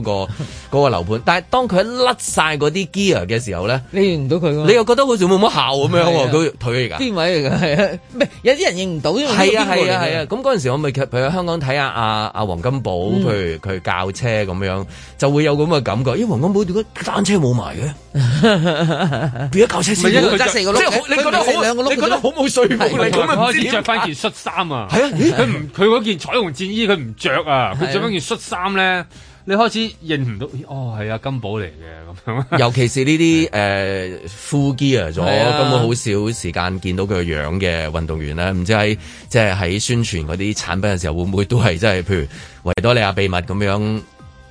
個嗰 個樓盤。但係當佢一甩晒嗰啲 gear 嘅時候咧，你認唔到佢？你又覺得好似冇乜效咁樣，佢退役噶邊位嚟噶？係啊，係有啲人認唔到。係啊，係啊，係啊。咁嗰陣時我咪去香港睇下阿阿黃金寶，譬如佢教車咁樣，嗯，就會有咁嘅感覺。咦，黃金寶點解單車冇埋嘅？變 咗車，啊，即四個轆你覺得好你，你覺得好冇水？咁啊，先着翻件恤衫啊。係啊，佢唔佢嗰件彩虹戰衣佢唔着啊，佢着翻件恤衫咧。你開始認唔到哦，係啊，金寶嚟嘅，咁樣尤其是呢啲 full gear 啊，咗、呃啊、根本好少時間見到佢樣嘅運動員呢。唔知喺即係喺宣傳嗰啲產品嘅時候，會唔會都係即係譬如維多利亞秘密咁樣，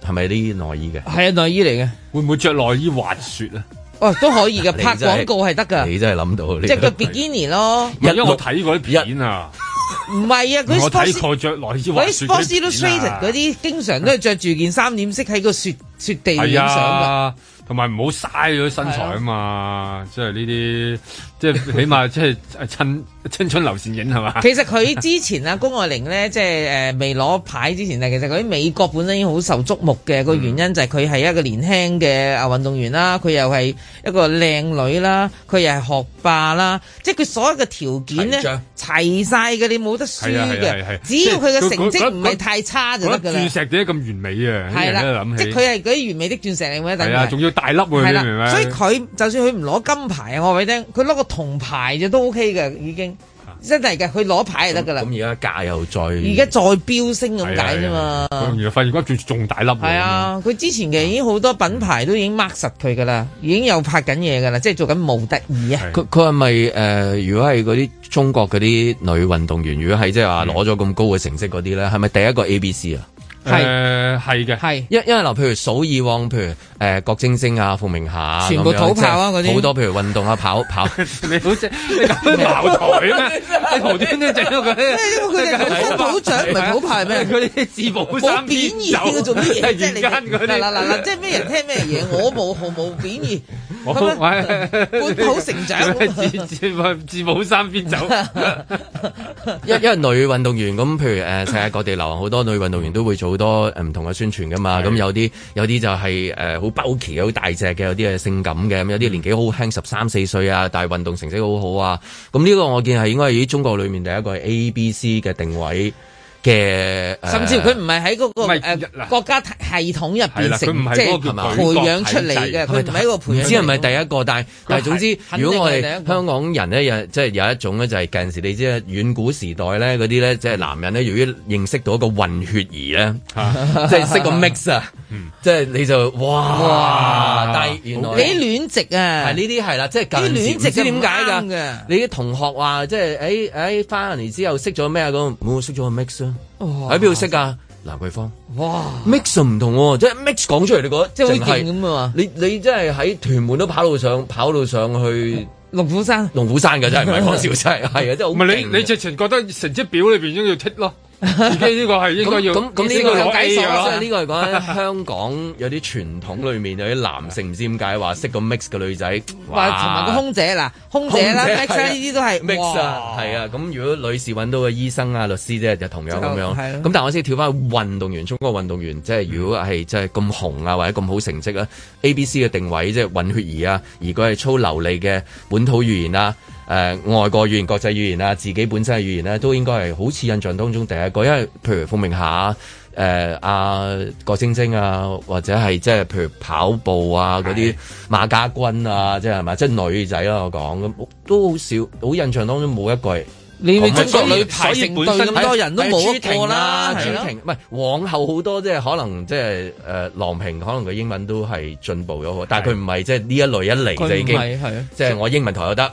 係咪啲內衣嘅？係啊，內衣嚟嘅。會唔會着內衣滑雪咧、啊？ 哦，都可以嘅，拍廣告係得㗎。你真係諗到，即係個比基尼咯。因為我睇過啲片啊。唔係啊，佢 Sports Illustrated 嗰啲經常都係着住件三點式喺個雪雪地影相噶，同埋唔好嘥咗身材啊嘛，即係呢啲。就是即係起碼即係趁青春留倩影係嘛？其實佢之前阿谷愛凌咧，即係誒未攞牌之前咧，其實佢喺美國本身已經好受矚目嘅。個原因就係佢係一個年輕嘅阿運動員啦，佢又係一個靚女啦，佢又係學霸啦，即係佢所有嘅條件咧齊晒嘅，你冇得輸嘅。係啊係係係，只要佢嘅成績唔係太差就得噶啦。鑽石點解咁完美啊？係啦，即係佢係嗰啲完美的鑽石嚟嘅，等下仲要大粒喎，係咪？所以佢就算佢唔攞金牌啊，我話俾你聽，佢攞個。同牌就都 OK 嘅，已經真係嘅，佢攞牌就得噶啦。咁而家價又再而家再飆升咁解啫嘛。佢而家發現骨仲大粒。係啊，佢之前嘅已經好多品牌都已經 mark 實佢噶啦，已經又拍緊嘢噶啦，即係做緊模特兒啊。佢佢係咪誒？如果係嗰啲中國嗰啲女運動員，如果係即係話攞咗咁高嘅成績嗰啲咧，係咪第一個 ABC 啊？係係嘅，係、呃、因因為譬如數以往，譬如誒、呃、郭晶晶啊、傅明霞、啊，全部土炮啊嗰啲，好、就是、多譬如運動啊跑跑，跑 你， 你搞茅台啊咩？ 你頭先整正我因為佢哋本土長唔係土炮咩？佢 哋自保三邊走，冇貶義，你做啲嘢？即係而家嗰，嗱嗱嗱嗱，即係咩人聽咩嘢？我冇毫冇貶義，本土成長 自自保三邊走。 一 因為女運動員咁，譬如誒、呃、世界各地流行好多女運動員都會做好多唔同嘅宣傳噶嘛，咁有啲有啲就係誒好 bulky 嘅，好大隻嘅，有啲誒性感嘅，咁有啲年紀好輕，十三四歲啊，但係運動成績好好啊，咁呢個我見係應該係中國裏面第一個係 A、B、C 嘅定位。嘅、呃，甚至佢唔係喺嗰個、呃、國家系統入邊即係培養出嚟嘅。佢唔係一個培養出，唔知係咪第一個，但係但係總之，如果我哋香港人咧，有即係有一種咧、就係，就係近陣時你知啊，遠古時代咧嗰啲咧，即係男人咧，由於認識到一個混血兒咧、啊，即係識個 mix 啊，即係你就哇！但係原來你亂籍啊，呢啲係啦，即係啲亂籍唔知點解㗎？你啲同學話即係誒誒，翻嚟之後識咗咩啊？咁冇識咗個 mix 啊！喺邊度識噶？蘭桂坊哇，mix 唔同，啊就是，mix 即係 mix 講出嚟，你覺得？即係好勁咁啊！你你真係喺屯門都跑路上跑到上去龍虎山，龍虎山嘅真係唔係講笑真係，係啊，即係好唔係你你直情覺得成績表裏邊應該要 tick 咯。自己呢個係應該要，咁呢個有解釋。所以呢個係講香港有啲傳統裏面有啲男性唔知點解話識個 mix 嘅女仔，話同埋個空姐啦，空姐啦 mix 啦呢啲都係，係啊。咁、啊啊、如果女士揾到個醫生啊、律師啫，就同樣咁樣。咁、啊、但係我先跳翻運動員，中國運動員即係如果係即係咁紅啊，或者咁好成績啊 A、B、C 嘅定位即係混血兒啊，而佢係操流利嘅本土語言啊。誒、呃、外國語言、國際語言啊，自己本身嘅語言咧，都應該係好似印象當中第一個，因為譬如伏明霞、誒、呃、阿、啊、郭晶晶啊，或者係即係譬如跑步啊嗰啲馬家軍啊，即係係咪？即係女仔咯，我講咁都好少，好印象當中冇一句。你中國女排成對咁多人都冇得啦，係唔係往後好多即係可能即係誒郎平，可能佢、呃、英文都係進步咗，但佢唔係即係呢一類一嚟就已經，即係、就是、我英文台有得。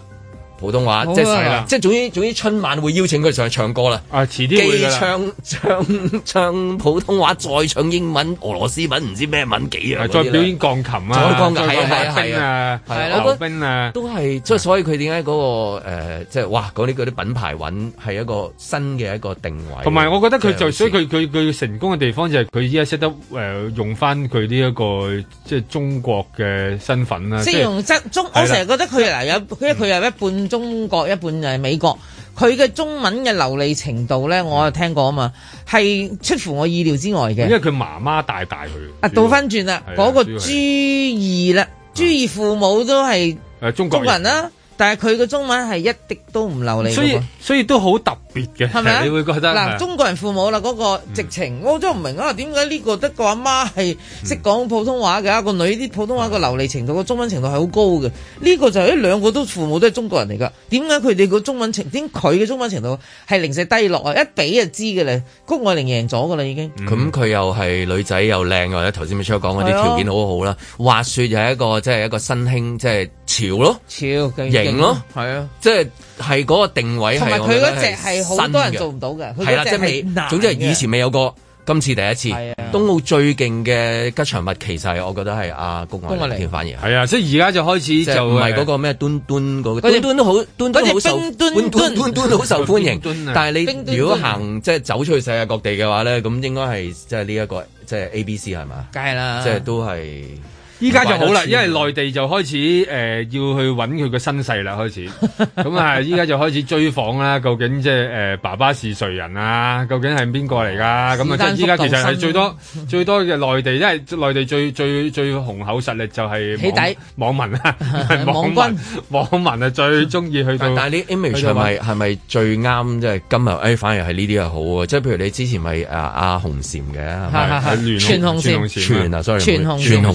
普通話，即係啦，即係總之總之春晚會邀請佢上去唱歌啦。啊，遲啲嘅唱唱唱普通話，再唱英文、俄羅斯文，唔知咩文幾樣、啊。再表演鋼琴啊，鋼琴啊，兵啊，兵啊，都係。所以所以佢點解嗰個誒、呃，即係哇，啲啲品牌揾係一個新嘅一個定位。同埋我覺得佢就、就是、所以佢佢佢成功嘅地方就係佢依家識得誒用翻佢呢一個即係中國嘅身份啦。即係用中，啊、我成日覺得佢嗱有，因、嗯、佢有一半。中國一半就係美國，佢嘅中文嘅流利程度咧，我聽過啊嘛，係出乎我意料之外嘅。因為佢媽媽帶大佢。啊，倒翻轉啦，嗰、那個朱二啦，朱二、啊、父母都係、啊、中國人啦。但係佢嘅中文係一滴都唔流利，所以所以都好特別嘅，係咪啊？你會覺得嗱，中國人父母啦，嗰、那個直情、嗯、我都唔明啊！點解呢個得個阿媽係識講普通話嘅，個、嗯、女啲普通話個流利程度，個、嗯、中文程度係好高嘅？呢、這個就係、是、兩個都父母都係中國人嚟㗎，點解佢哋個中文程點佢嘅中文程度係零舍低落啊？一比就知㗎啦，谷愛玲贏咗㗎啦已經了了了。咁、嗯、佢又係女仔又靚啊！頭先咪出講嗰啲條件好好啦、啊，滑雪又係一個即係一個新興即係潮咯，潮咯、嗯，係、嗯就是、啊，即係係嗰個定位，同埋佢嗰隻係好多人做唔到嘅，佢嗰隻係。就是、是總之係以前未有過，今次第一次。係啊，冬奧最勁嘅吉祥物其實，我覺得係阿谷。愛、啊、凌反而係、嗯、啊，所以而家就開始就唔係嗰個咩墩墩嗰個。端、那、係冰墩墩好受歡迎，但係你如果行即係走出去世界各地嘅話咧，咁應該係即係呢一個即係 A B C 係嘛？梗係啦，即係、就是、都係。依家就好啦，因為內地就開始誒、呃、要去揾佢個身世啦，開始咁啊！依 家就開始追訪啦，究竟即係誒爸爸是誰人啊？究竟係邊個嚟㗎？咁啊！即係依家其實係最多 最多嘅內地，因為內地最 最最,最雄厚實力就係網,網民， 網民啊， 網民網民係最中意去。但係呢 image 係咪係咪最啱？即、就、係、是、今日誒、哎，反而係呢啲又好啊！即、就、係、是、譬如你之前咪啊阿、啊、紅蟬嘅，係係係，全紅,紅蟬，全啊，紅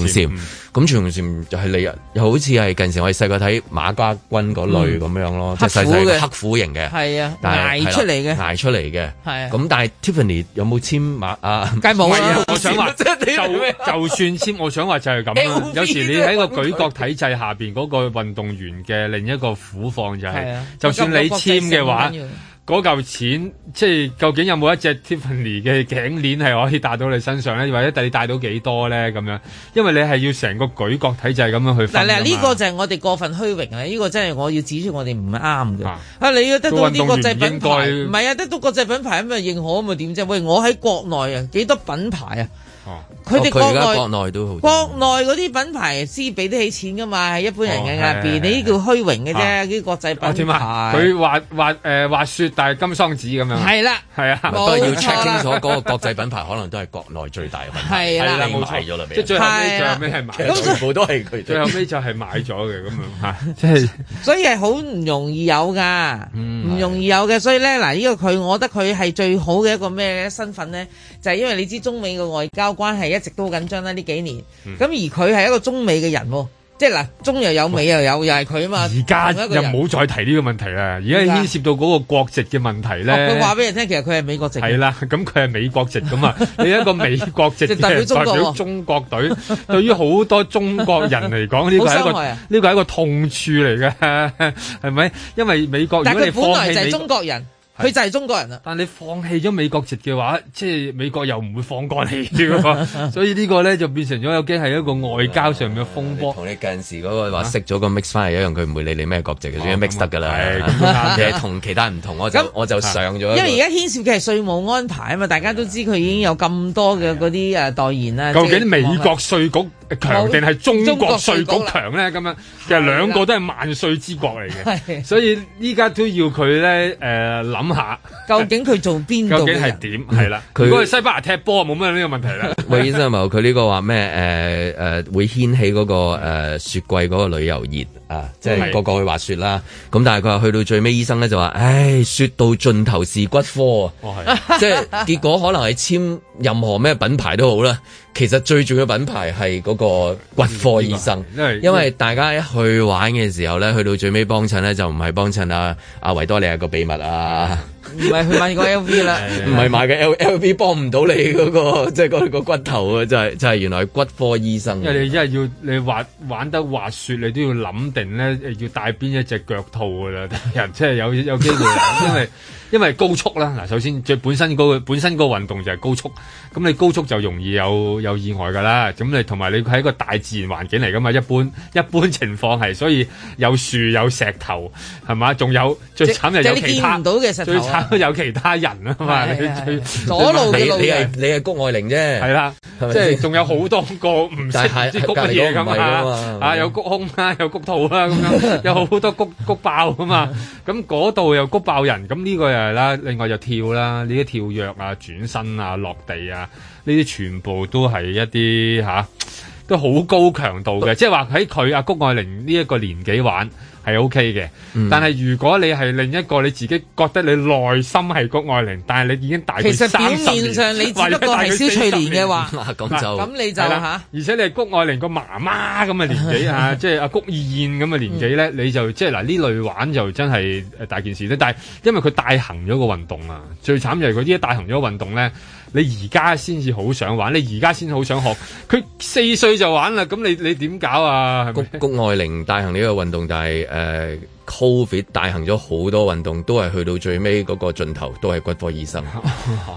全咁全紅嬋就係你啊，又好似係近時我哋細個睇馬家軍嗰類咁樣咯，即係細細黑虎型嘅，係啊，啊，捱出嚟嘅，捱出嚟嘅，係啊。咁但係 Tiffany 有冇簽馬啊？梗冇 我想話說， 就算簽，我想話就係咁啊。 有時你喺個舉國體制下邊嗰個運動員嘅另一個苦況就係、是啊，就算你簽嘅話。嗰嚿錢即係究竟有冇一隻 Tiffany 嘅頸鏈係可以帶到你身上咧，或者你帶到幾多咧咁樣？因為你係要成個舉國體制咁樣去發動。嗱，呢個就係我哋過分虛榮啦，呢個真係我要指出我哋唔啱嘅。啊，你要得到啲國際品牌，唔係啊，得到國際品牌咁樣認可咁就點啫？喂，我喺國內啊，幾多品牌啊？佢哋國內，哦、國內都國內嗰啲品牌先俾得起錢噶嘛，係一般人嘅入邊，你呢叫虛榮嘅啫啲國際品牌。佢滑滑誒滑雪大金桑子咁樣。係啦，係啊，都係要 check 清楚嗰個國際品牌，可能都係國內最大嘅品牌，係啦，冇買咗啦，即最後尾最後尾係買，全部都係佢。最後尾就係買咗嘅咁樣嚇，即係所以係好唔容易有噶，唔、嗯、容易有嘅。所以咧嗱，呢個佢，我覺得佢係最好嘅一個咩身份咧，就係因為你知中美嘅外交。關係一直都好緊張啦，呢幾年，咁、嗯、而佢係一個中美嘅人、哦，即係嗱，中又有美又有，又係佢啊嘛。而家又冇再提呢個問題啦，而家牽涉到嗰個國籍嘅問題咧。佢話俾你聽，其實佢係美國籍。係啦，咁佢係美國籍咁啊， 你一個美國籍代表中國，代表中國隊，中國隊 對於好多中國人嚟講，呢個係一個呢個係一個痛處嚟嘅，係咪？因為美國如果，佢本來就係中國人佢就係中國人啊！但你放棄咗美國籍嘅話，即係美國又唔會放過你， 所以個呢個咧就變成咗有驚係一個外交上面嘅風波。同 你，你近時嗰個話識咗個 mix 翻係一樣，佢、啊、唔會理你咩國籍嘅，只要 mix 得㗎啦。咁、哦，就係同其他唔同。 我就我就上咗。因為而家牽涉嘅係稅務安排啊嘛，大家都知佢已經有咁多嘅嗰啲誒代言啦、嗯。究竟美國稅局？強定係中國稅局強咧，咁樣其實兩個都係萬稅之國嚟嘅，所以依家都要佢咧誒諗下，究竟佢做邊度？究竟係點？係啦，佢如果去西班牙踢波冇咩呢個問題啦。 喂，醫生冇佢呢個話咩？誒、呃、誒、呃，會掀起嗰、那個誒、呃、雪櫃嗰個旅遊業啊，即係個個去滑雪啦，咁但係佢話去到最尾，醫生咧就話，唉，雪到盡頭是骨科啊，哦，即係結果可能係簽任何咩品牌都好啦，其實最重要的品牌係嗰個骨科醫生，因為大家一去玩嘅時候咧，去到最尾幫襯咧就唔係幫襯阿阿維多利亞個秘密啊。唔係去買個 LV 啦，唔係買嘅 LV 幫唔到你嗰、嗰個，即係嗰個骨頭啊！就係、是、就係、是、原來是骨科醫生。 因為你真係要你滑玩得滑雪，你都要諗定咧，要帶邊一隻腳套噶啦！人真係有有機會， 因為。 因為高速啦，嗱，首先最本身嗰個本身嗰個運動就係高速，咁你高速就容易有有意外噶啦，咁你同埋你喺一個大自然環境嚟噶嘛，一般一般情況係，所以有樹有石頭，係嘛，仲有最慘就有其他最慘有其他人啊嘛，左路嘅路你你係你係谷愛凌啫，係啦，即係仲有好多個唔識唔知谷乜嘢咁啊，啊有谷空啦，有谷兔啦，咁樣有好多谷谷爆噶嘛，咁嗰度又谷爆人，咁呢個又。啦，另外就跳啦，呢啲跳躍啊、轉身啊、落地啊，呢啲全部都係一啲吓、啊，都好高強度嘅，即係話喺佢阿谷愛玲呢一個年紀玩。係 OK 嘅，但係如果你係另一個你自己覺得你內心係谷愛玲，但係你已經大佢三十年，其實表面上你都大少歲年嘅話，咁就咁你就吓、啊，而且你係谷愛玲個媽媽咁嘅年紀啊， 即係阿谷燕咁嘅年紀咧，你就即係嗱呢類玩就真係誒大件事咧。 但係因為佢大行咗個運動啊，最慘就係佢依家大行咗運動咧。你而家先至好想玩，你而家先好想學。佢四歲就玩啦，咁你你點搞啊？谷谷愛凌帶行呢個運動，但係誒、呃、Covid 帶行咗好多運動，都係去到最尾嗰個盡頭，都係骨科醫生，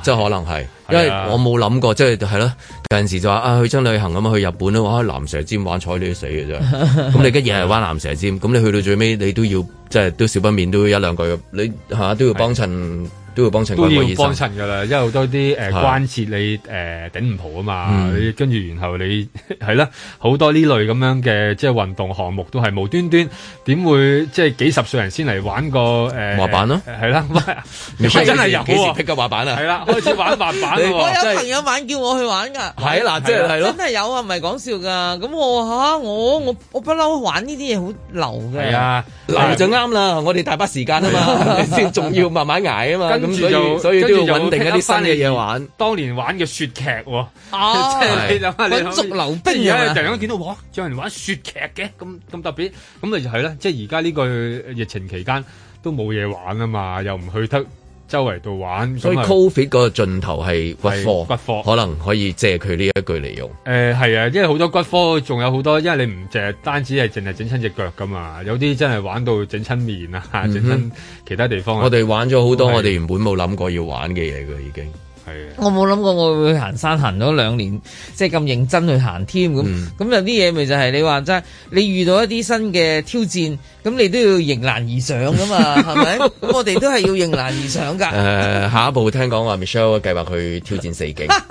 即 係可能係，啊、因為我冇諗過，即係係咯。有陣時就話啊，去親旅行咁去日本咧，玩蚺、啊、蛇尖玩彩都死嘅啫。咁 你梗係玩蚺蛇尖，咁你去到最尾，你都要即係、就是、都少不免都一兩個月，你吓、啊、都要幫襯。都會幫襯都會幫襯噶啦，因為多、呃啊呃、好多啲誒關節你誒頂唔好啊嘛，跟、嗯、住然後你係啦，好、啊、多呢類咁樣嘅即係運動項目，都係無端端點會即係幾十歲人先嚟玩個誒滑板咯，係、呃、啦，如果、啊啊啊啊、真係有啊，幾時劈嘅滑板啊？係啦、啊，開始玩滑板啊！ 真的 我有朋友玩， 叫我去玩噶。係啊，嗱、就是，即係係咯，真係有啊，唔係講笑噶。咁我吓、啊、我我我不嬲玩呢啲嘢好流嘅係啊，啊，流就啱啦。我哋大把時間啊嘛，你先仲要慢慢捱啊嘛。 咁所以，所以都要穩定一啲新嘅嘢玩、啊。當年玩嘅雪屐喎、哦，啊，就係、你足溜冰啊！逼然突然間見到哇，有人玩雪屐嘅，咁咁特別。咁咪就係、是、啦，即係而家呢個疫情期間都冇嘢玩啊嘛，又唔去得。周圍度玩，所以 Covid 嗰個盡頭係骨科，骨科可能可以借佢呢一句嚟用。誒、呃、係啊，因為好多骨科，仲有好多，因為你唔淨係單止係淨係整親隻腳㗎嘛，有啲真係玩到整親面啊，整、嗯、親其他地方。我哋玩咗好多我哋原本冇諗過要玩嘅嘢㗎已經。 我冇諗過我會行山行咗兩年，即係咁認真去行添咁。咁、嗯、有啲嘢咪就係、是、你話齋，你遇到一啲新嘅挑戰，咁你都要迎難而上噶嘛，係 咪？咁我哋都係要迎難而上噶。誒 、呃，下一步聽講話 Michelle 計劃去挑戰四徑，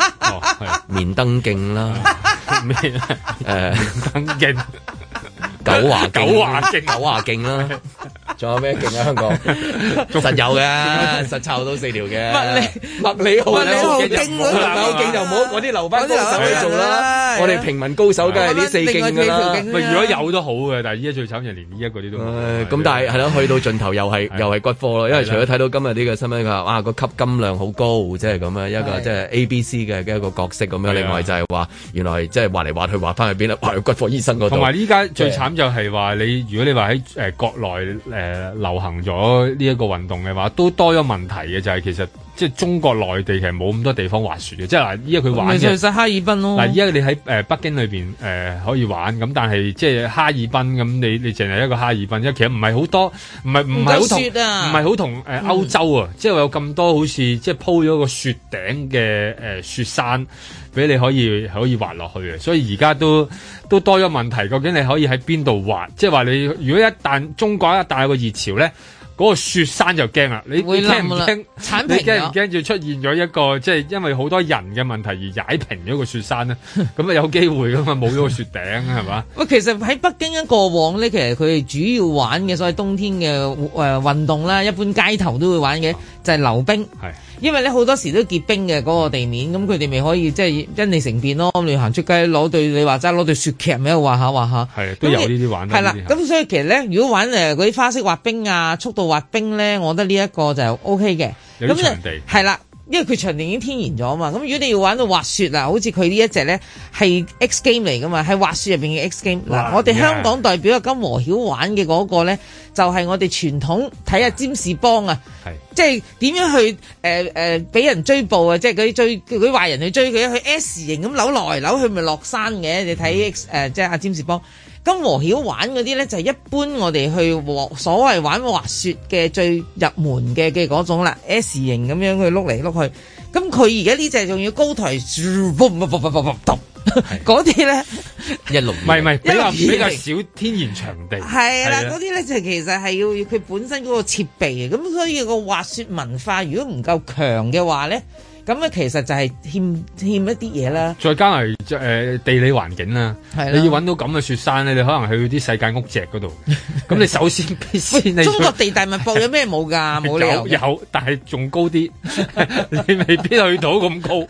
面登徑啦。咩？誒，登徑。九華九華勁九華勁啦，仲有咩勁啊？香港實有嘅，實湊到四條嘅。物理物理好，物理好勁。定律唔係好勁就唔好，嗰啲留翻高手去做啦。我哋平民高手梗係呢四勁噶啦。咪如果有都好嘅，但係依家最慘就係連依家嗰啲都。咁但係係咯，去到盡頭又係又係骨科咯。因為除咗睇到今日呢個新聞，佢話哇個吸金量好高，即係咁樣一個即係 A B C 嘅一個角色咁樣。另外就係話原來即係話嚟話去話翻去邊啦，話去骨科醫生嗰度。同埋依家最慘。就係話，你，如果你話喺誒國內誒流行咗呢一個運動嘅話，都多咗問題嘅，就係其實。即係中國內地其實冇咁多地方滑雪嘅，即係話依家佢玩嘅。咪去曬哈爾濱咯。嗱，依家你喺誒北京裏邊誒、呃、可以玩，咁但係即係哈爾濱咁，你你淨係一個哈爾濱即其實唔係好多，唔係唔係好同，唔係好同誒歐洲啊、嗯，即係有咁多好似即係鋪咗個雪頂嘅、呃、雪山俾你可以可以滑落去嘅。所以而家都都多咗問題，究竟你可以喺邊度滑？即係話你如果一旦中國一大個熱潮咧。嗰、那個雪山就驚啦，你會驚唔驚？你驚唔驚？怕怕就出現咗一個即係、就是、因為好多人嘅問題而踩平咗個雪山咧，咁 啊有機會㗎嘛，冇咗個雪頂係嘛？喂，其實喺北京一過往咧，其實佢主要玩嘅所謂冬天嘅誒、呃、運動啦，一般街頭都會玩嘅就係、是、溜冰。係。因為咧，好多時都結冰嘅嗰、那個地面，咁佢哋咪可以即係、就是、因你成片咯，咁行出街攞對你話齋攞對雪屐咩？話下話下，係都有呢啲玩。係啦，咁所以其實咧，如果玩誒嗰啲花式滑冰啊、速度滑冰咧，我覺得呢一個就 O K 嘅，咁就係啦。因為佢常年已經天然咗啊嘛，咁如果你要玩到滑雪嗱，好似佢呢一隻咧係 X game 嚟噶嘛，喺滑雪入面嘅 X game 嗱，我哋香港代表阿金和曉玩嘅嗰、那個咧，就係、是、我哋傳統睇阿占士邦啊，即係點樣去誒誒俾人追捕啊，即係嗰啲追嗰啲壞人去追佢，佢 S 型咁扭來扭去咪落山嘅，你睇誒、嗯呃、即係阿占士邦。咁和曉玩嗰啲咧就係一般我哋去所謂玩滑雪嘅最入門嘅嘅嗰種啦 S 型咁樣去碌嚟碌去，咁佢而家呢隻仲要高台噗噗噗噗，嗰啲咧，一六唔係唔係比較比較少 天然場地係啦，嗰啲咧就其實係要佢本身嗰個設備，咁所以個滑雪文化如果唔夠強嘅話咧。咁啊，其實就係欠欠一啲嘢啦。再加埋誒、呃、地理環境啦，你要揾到咁嘅雪山咧，你可能去啲世界屋脊嗰度。咁 你首先先，中國地大物博有有，有咩冇噶？冇理由有，但係仲高啲， 你未必去到咁高，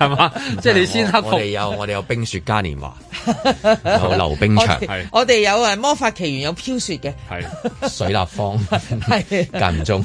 係 嘛？即係、就係、你先克服。我哋有我哋有冰雪嘉年華， 有溜冰場，我哋有誒魔法奇緣，有飄雪嘅，係水立方，係間唔中。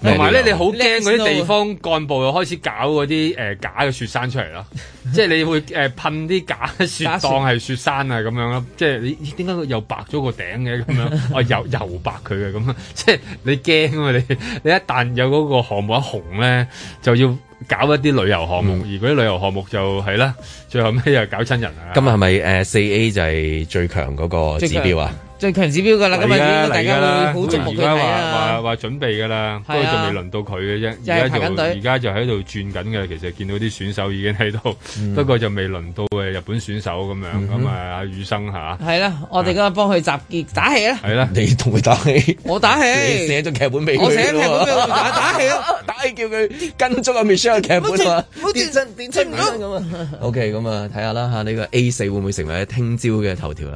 同埋咧，你好驚嗰啲地方幹部又開始搞。搞嗰啲誒假嘅雪山出嚟咯， 即係你會誒噴啲假雪當係雪山啊咁樣咯，即係你你點解佢又白咗個頂嘅咁樣？我又又白佢嘅咁樣！即係你驚啊你！你一旦有嗰個項目一紅咧，就要搞一啲旅遊項目，嗯、而嗰啲旅遊項目就係啦，最後尾又搞親人啊！今日係咪誒四 A 就係最強嗰個指標啊？最強指標噶啦，咁啊，大家會好矚目佢。即家話話話準備噶啦，不過仲未輪到佢嘅啫。而家就喺度轉緊嘅，其實見到啲選手已經喺度、嗯，不過就未輪到誒日本選手咁樣。咁、嗯、啊，阿雨生吓，係啦、啊啊，我哋今日幫佢集結打氣啦。係啦、啊，你同佢打氣，我打氣，寫咗劇本俾佢啦嘛。打氣咯、啊，打氣叫佢跟足阿 Michelle 嘅劇本嘛。唔好電震電震啦咁啊。OK，咁啊睇下啦吓，呢、這個 A 四會唔會成為聽朝嘅頭條啦？